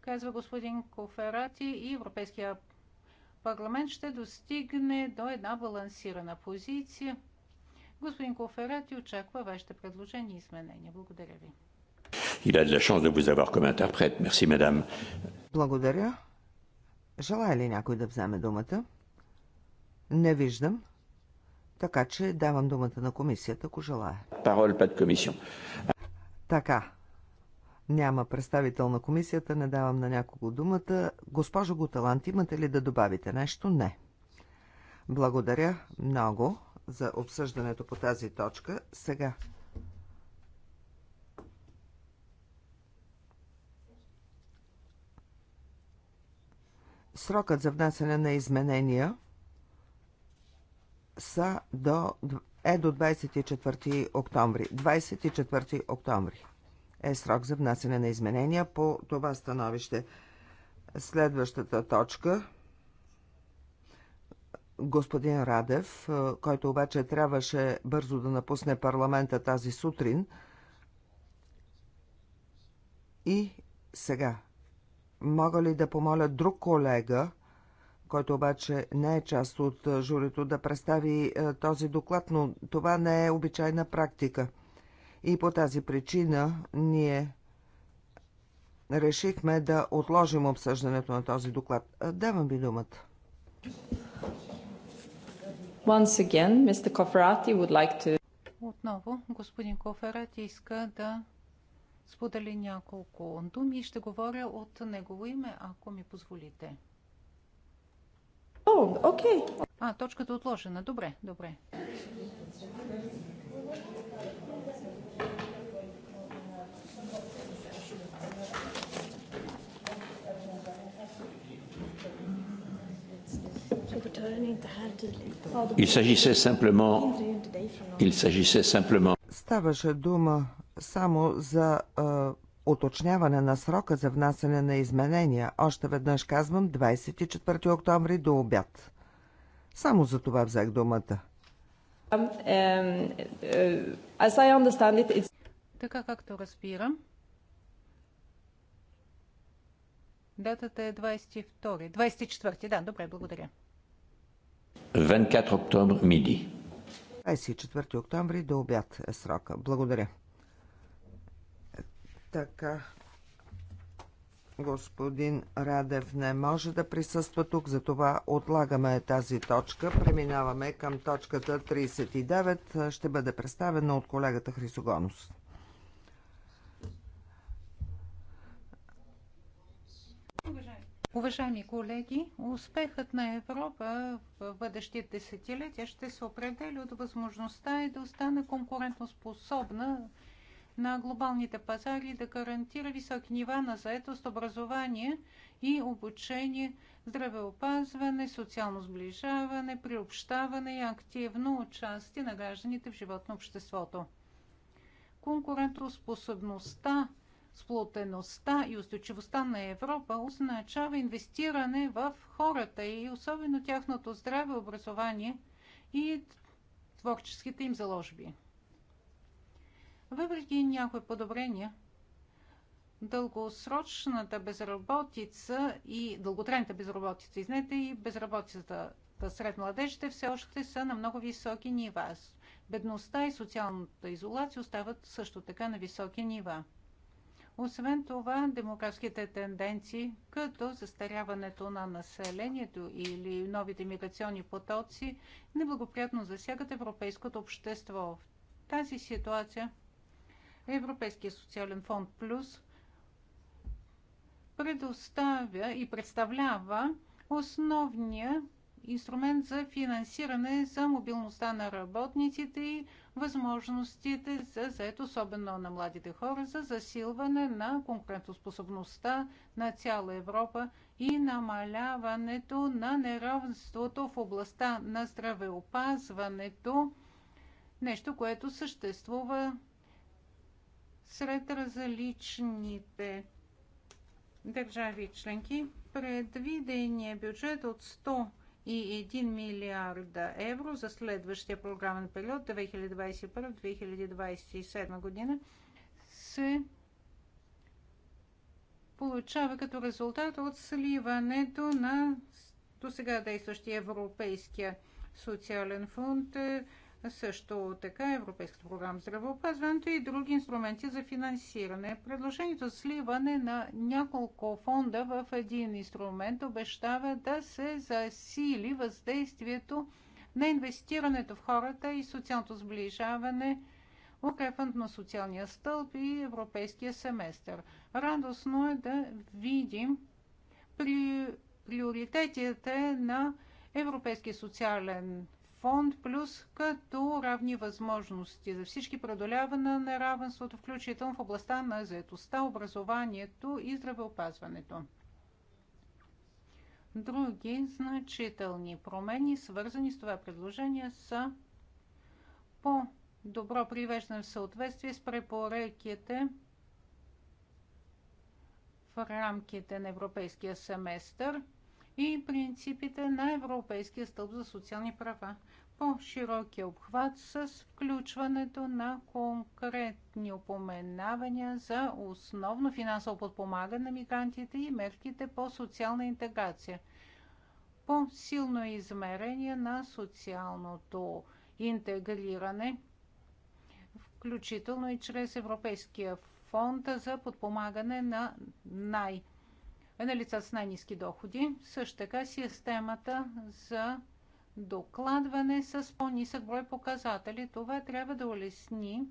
казва господин Коферати и Европейския парламент ще достигне до една балансирана позиция. Господин Коферати очаква вашите предложения и изменения. Благодаря ви. Благодаря. Желая ли някой да вземе думата? Не виждам. Така че давам думата на комисията, ако желая. Парол, пет комисион. Така. Няма представител на комисията, не давам на някого думата. Госпожо Гуталант, имате ли да добавите нещо? Не. Благодаря много за обсъждането по тази точка. Сега срокът за внасяне на изменения са до, е до 24 октомври. 24 октомври е срок за внасяне на изменения по това становище. Следващата точка господин Радев, е, който обаче трябваше бързо да напусне парламента тази сутрин. И сега, мога ли да помоля друг колега който обаче не е част от журито, да представи този доклад, но това не е обичайна практика. И по тази причина ние решихме да отложим обсъждането на този доклад. Давам ви думата. Once again, Mr. Koferati would like to... Отново господин Коферат иска да сподели няколко думи и ще говоря от негово име, ако ми позволите postponed. Okay. А, точката е отложена. Добре, добре. Il s'agissait simplement, il s'agissait simplement. Ставаше дума само за uh, уточняване на срока за внасене на изменения, още веднъж казвам 24 октомври до обяд. Само за това взех думата. Um, um, uh, така както разбирам, датата е 22, 24, да, добре, благодаря. 24 октомври миди. 24 октомври до обяд е срока. Благодаря. Така, господин Радев не може да присъства тук, затова отлагаме тази точка. Преминаваме към точката 39. Ще бъде представена от колегата Хрисогонос. Уважаеми колеги, успехът на Европа в бъдещите десетилетия ще се определя от възможността и да остане конкурентоспособна на глобалните пазари, да гарантира високи нива на заетост, образование и обучение, здравеопазване, социално сближаване, приобщаване и активно участие на гражданите в живот на обществото. Конкурентоспособността сплотеността и устойчивостта на Европа означава инвестиране в хората и особено тяхното здраве, образование и творческите им заложби. Въпреки някои подобрения, дългосрочната безработица и дълготрайната безработица, изнете, и безработицата сред младежите все още са на много високи нива. Бедността и социалната изолация остават също така на високи нива. Освен това, демографските тенденции, като застаряването на населението или новите миграционни потоци, неблагоприятно засягат европейското общество. В тази ситуация Европейския социален фонд Плюс предоставя и представлява основния инструмент за финансиране за мобилността на работниците и възможностите за заед, особено на младите хора, за засилване на конкурентоспособността на цяла Европа и намаляването на неравенството в областта на здравеопазването, нещо, което съществува сред различните държави членки. Предвидения бюджет от 101 милиарда евро за следващия програмен период 2021-2027 година се получава като резултат от сливането на до сега действащия Европейския социален фонд, също така Европейската програма здравеопазването и други инструменти за финансиране. Предложението за сливане на няколко фонда в един инструмент обещава да се засили въздействието на инвестирането в хората и социалното сближаване, укрепването на социалния стълб и европейския семестър. Радостно е да видим при приоритетите на Европейския социален фонд плюс като равни възможности за всички преодоляване на равенството, включително в областта на заетостта, образованието и здравеопазването. Други значителни промени, свързани с това предложение, са по-добро привеждане в съответствие с препоръките в рамките на европейския семестър – и принципите на Европейския стълб за социални права. По-широкия обхват с включването на конкретни упоменавания за основно финансово подпомагане на мигрантите и мерките по социална интеграция. По-силно измерение на социалното интегриране, включително и чрез Европейския фонд за подпомагане на най- е на лица с най-низки доходи. Също така системата за докладване с по-нисък брой показатели. Това трябва да улесни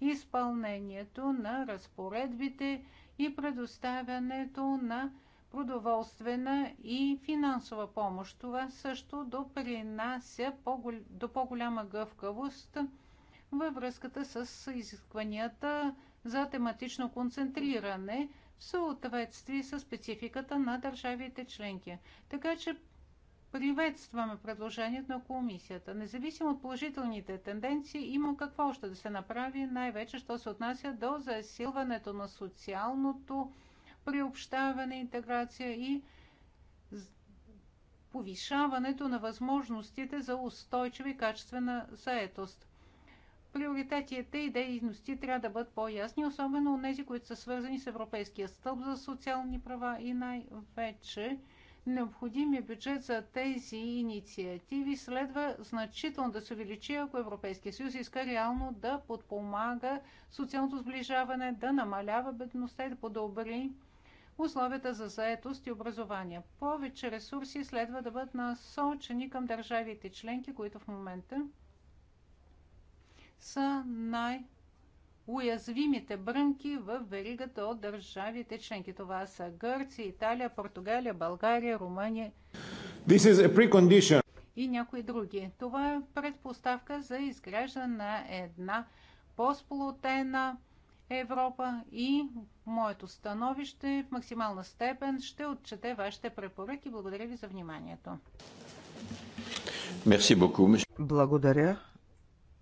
изпълнението на разпоредбите и предоставянето на продоволствена и финансова помощ. Това също допринася до по-голяма гъвкавост във връзката с изискванията за тематично концентриране в съответствие със спецификата на държавите членки. Така че приветстваме предложението на комисията. Независимо от положителните тенденции, има какво още да се направи, най-вече, що се отнася до засилването на социалното приобщаване, интеграция и повишаването на възможностите за устойчива и качествена заетост. Приоритетите, и дейности трябва да бъдат по-ясни, особено от тези, които са свързани с Европейския стълб за социални права и най-вече необходимия бюджет за тези инициативи следва значително да се увеличи, ако Европейския съюз иска реално да подпомага социалното сближаване, да намалява бедността и да подобри условията за заетост и образование. Повече ресурси следва да бъдат насочени към държавите членки, които в момента са най- уязвимите брънки в веригата от държавите членки. Това са Гърция, Италия, Португалия, България, Румъния и някои други. Това е предпоставка за изграждане на една по-сплотена Европа и моето становище в максимална степен ще отчете вашите препоръки. Благодаря ви за вниманието. Благодаря,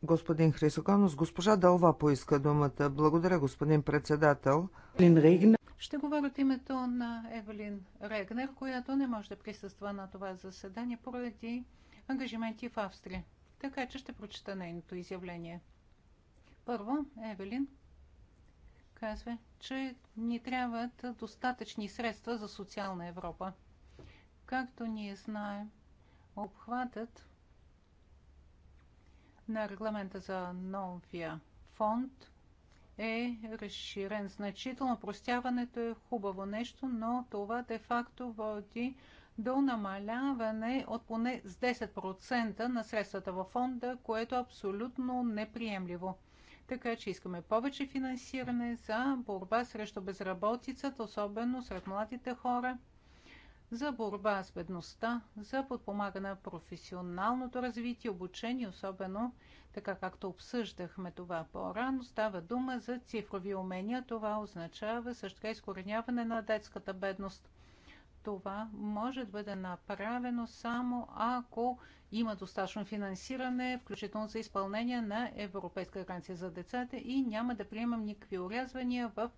господин Хрисоконос. Госпожа Дълва поиска думата. Благодаря, господин председател. Ще говоря от името на Евелин Регнер, която не може да присъства на това заседание поради ангажименти в Австрия. Така че ще прочета нейното изявление. Първо, Евелин казва, че ни трябват достатъчни средства за социална Европа. Както ние знаем, обхватът на регламента за новия фонд е разширен значително. Простяването е хубаво нещо, но това де-факто води до намаляване от поне с 10% на средствата във фонда, което е абсолютно неприемливо. Така че искаме повече финансиране за борба срещу безработицата, особено сред младите хора – за борба с бедността, за подпомагане на професионалното развитие обучение, особено така както обсъждахме това по-рано, става дума за цифрови умения. Това означава също така изкореняване на детската бедност. Това може да бъде направено само ако има достатъчно финансиране, включително за изпълнение на Европейска гаранция за децата и няма да приемам никакви урязвания в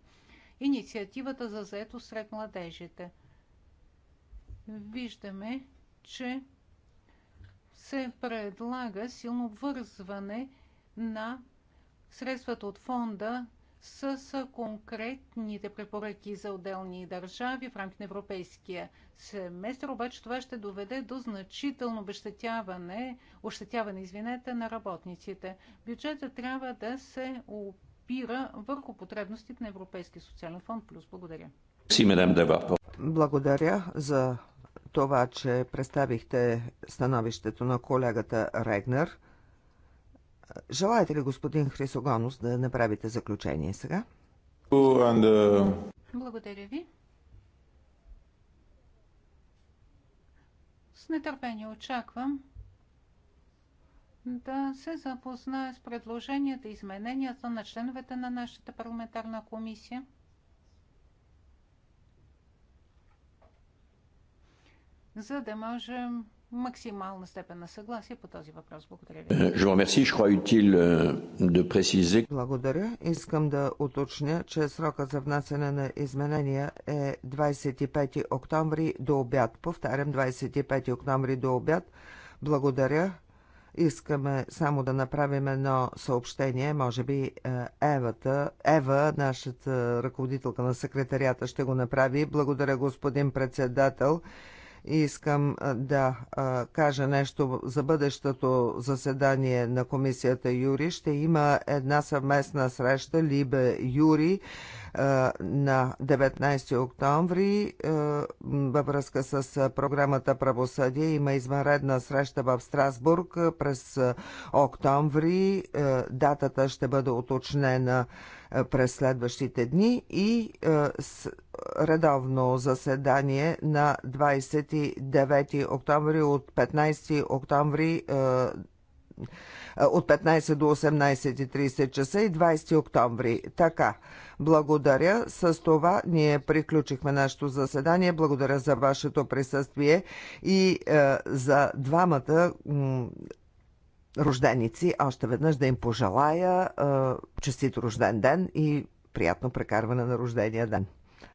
инициативата за заето сред младежите – виждаме, че се предлага силно вързване на средствата от фонда с конкретните препоръки за отделни държави в рамките на европейския семестър, обаче това ще доведе до значително обещатяване, ощетяване, извинете, на работниците. Бюджета трябва да се опира върху потребностите на Европейския социален фонд плюс. Благодаря. Благодаря за това, че представихте становището на колегата Регнер. Желаете ли, господин Хрисогонос, да направите заключение сега? Благодаря ви. С нетърпение очаквам да се запозная с предложенията и измененията на членовете на нашата парламентарна комисия – за да можем максимална степен на съгласие по този въпрос. Благодаря ви. Е, euh, Благодаря. Искам да уточня, че срока за внасяне на изменения е 25 октомври до обяд. Повтарям, 25 октомври до обяд. Благодаря. Искаме само да направим едно съобщение. Може би е, Евата, Ева, нашата ръководителка на секретарията, ще го направи. Благодаря, господин председател. Искам да кажа нещо за бъдещото заседание на комисията Юри. Ще има една съвместна среща Либе Юри на 19 октомври във връзка с програмата Правосъдие. Има извънредна среща в Страсбург през октомври. Датата ще бъде уточнена през следващите дни и е, с редовно заседание на 29 октомври от 15 октомври е, е, от 15 до 18.30 часа и 20 октомври. Така, благодаря. С това ние приключихме нашето заседание. Благодаря за вашето присъствие и е, за двамата рожденици, още веднъж да им пожелая честит рожден ден и приятно прекарване на рождения ден.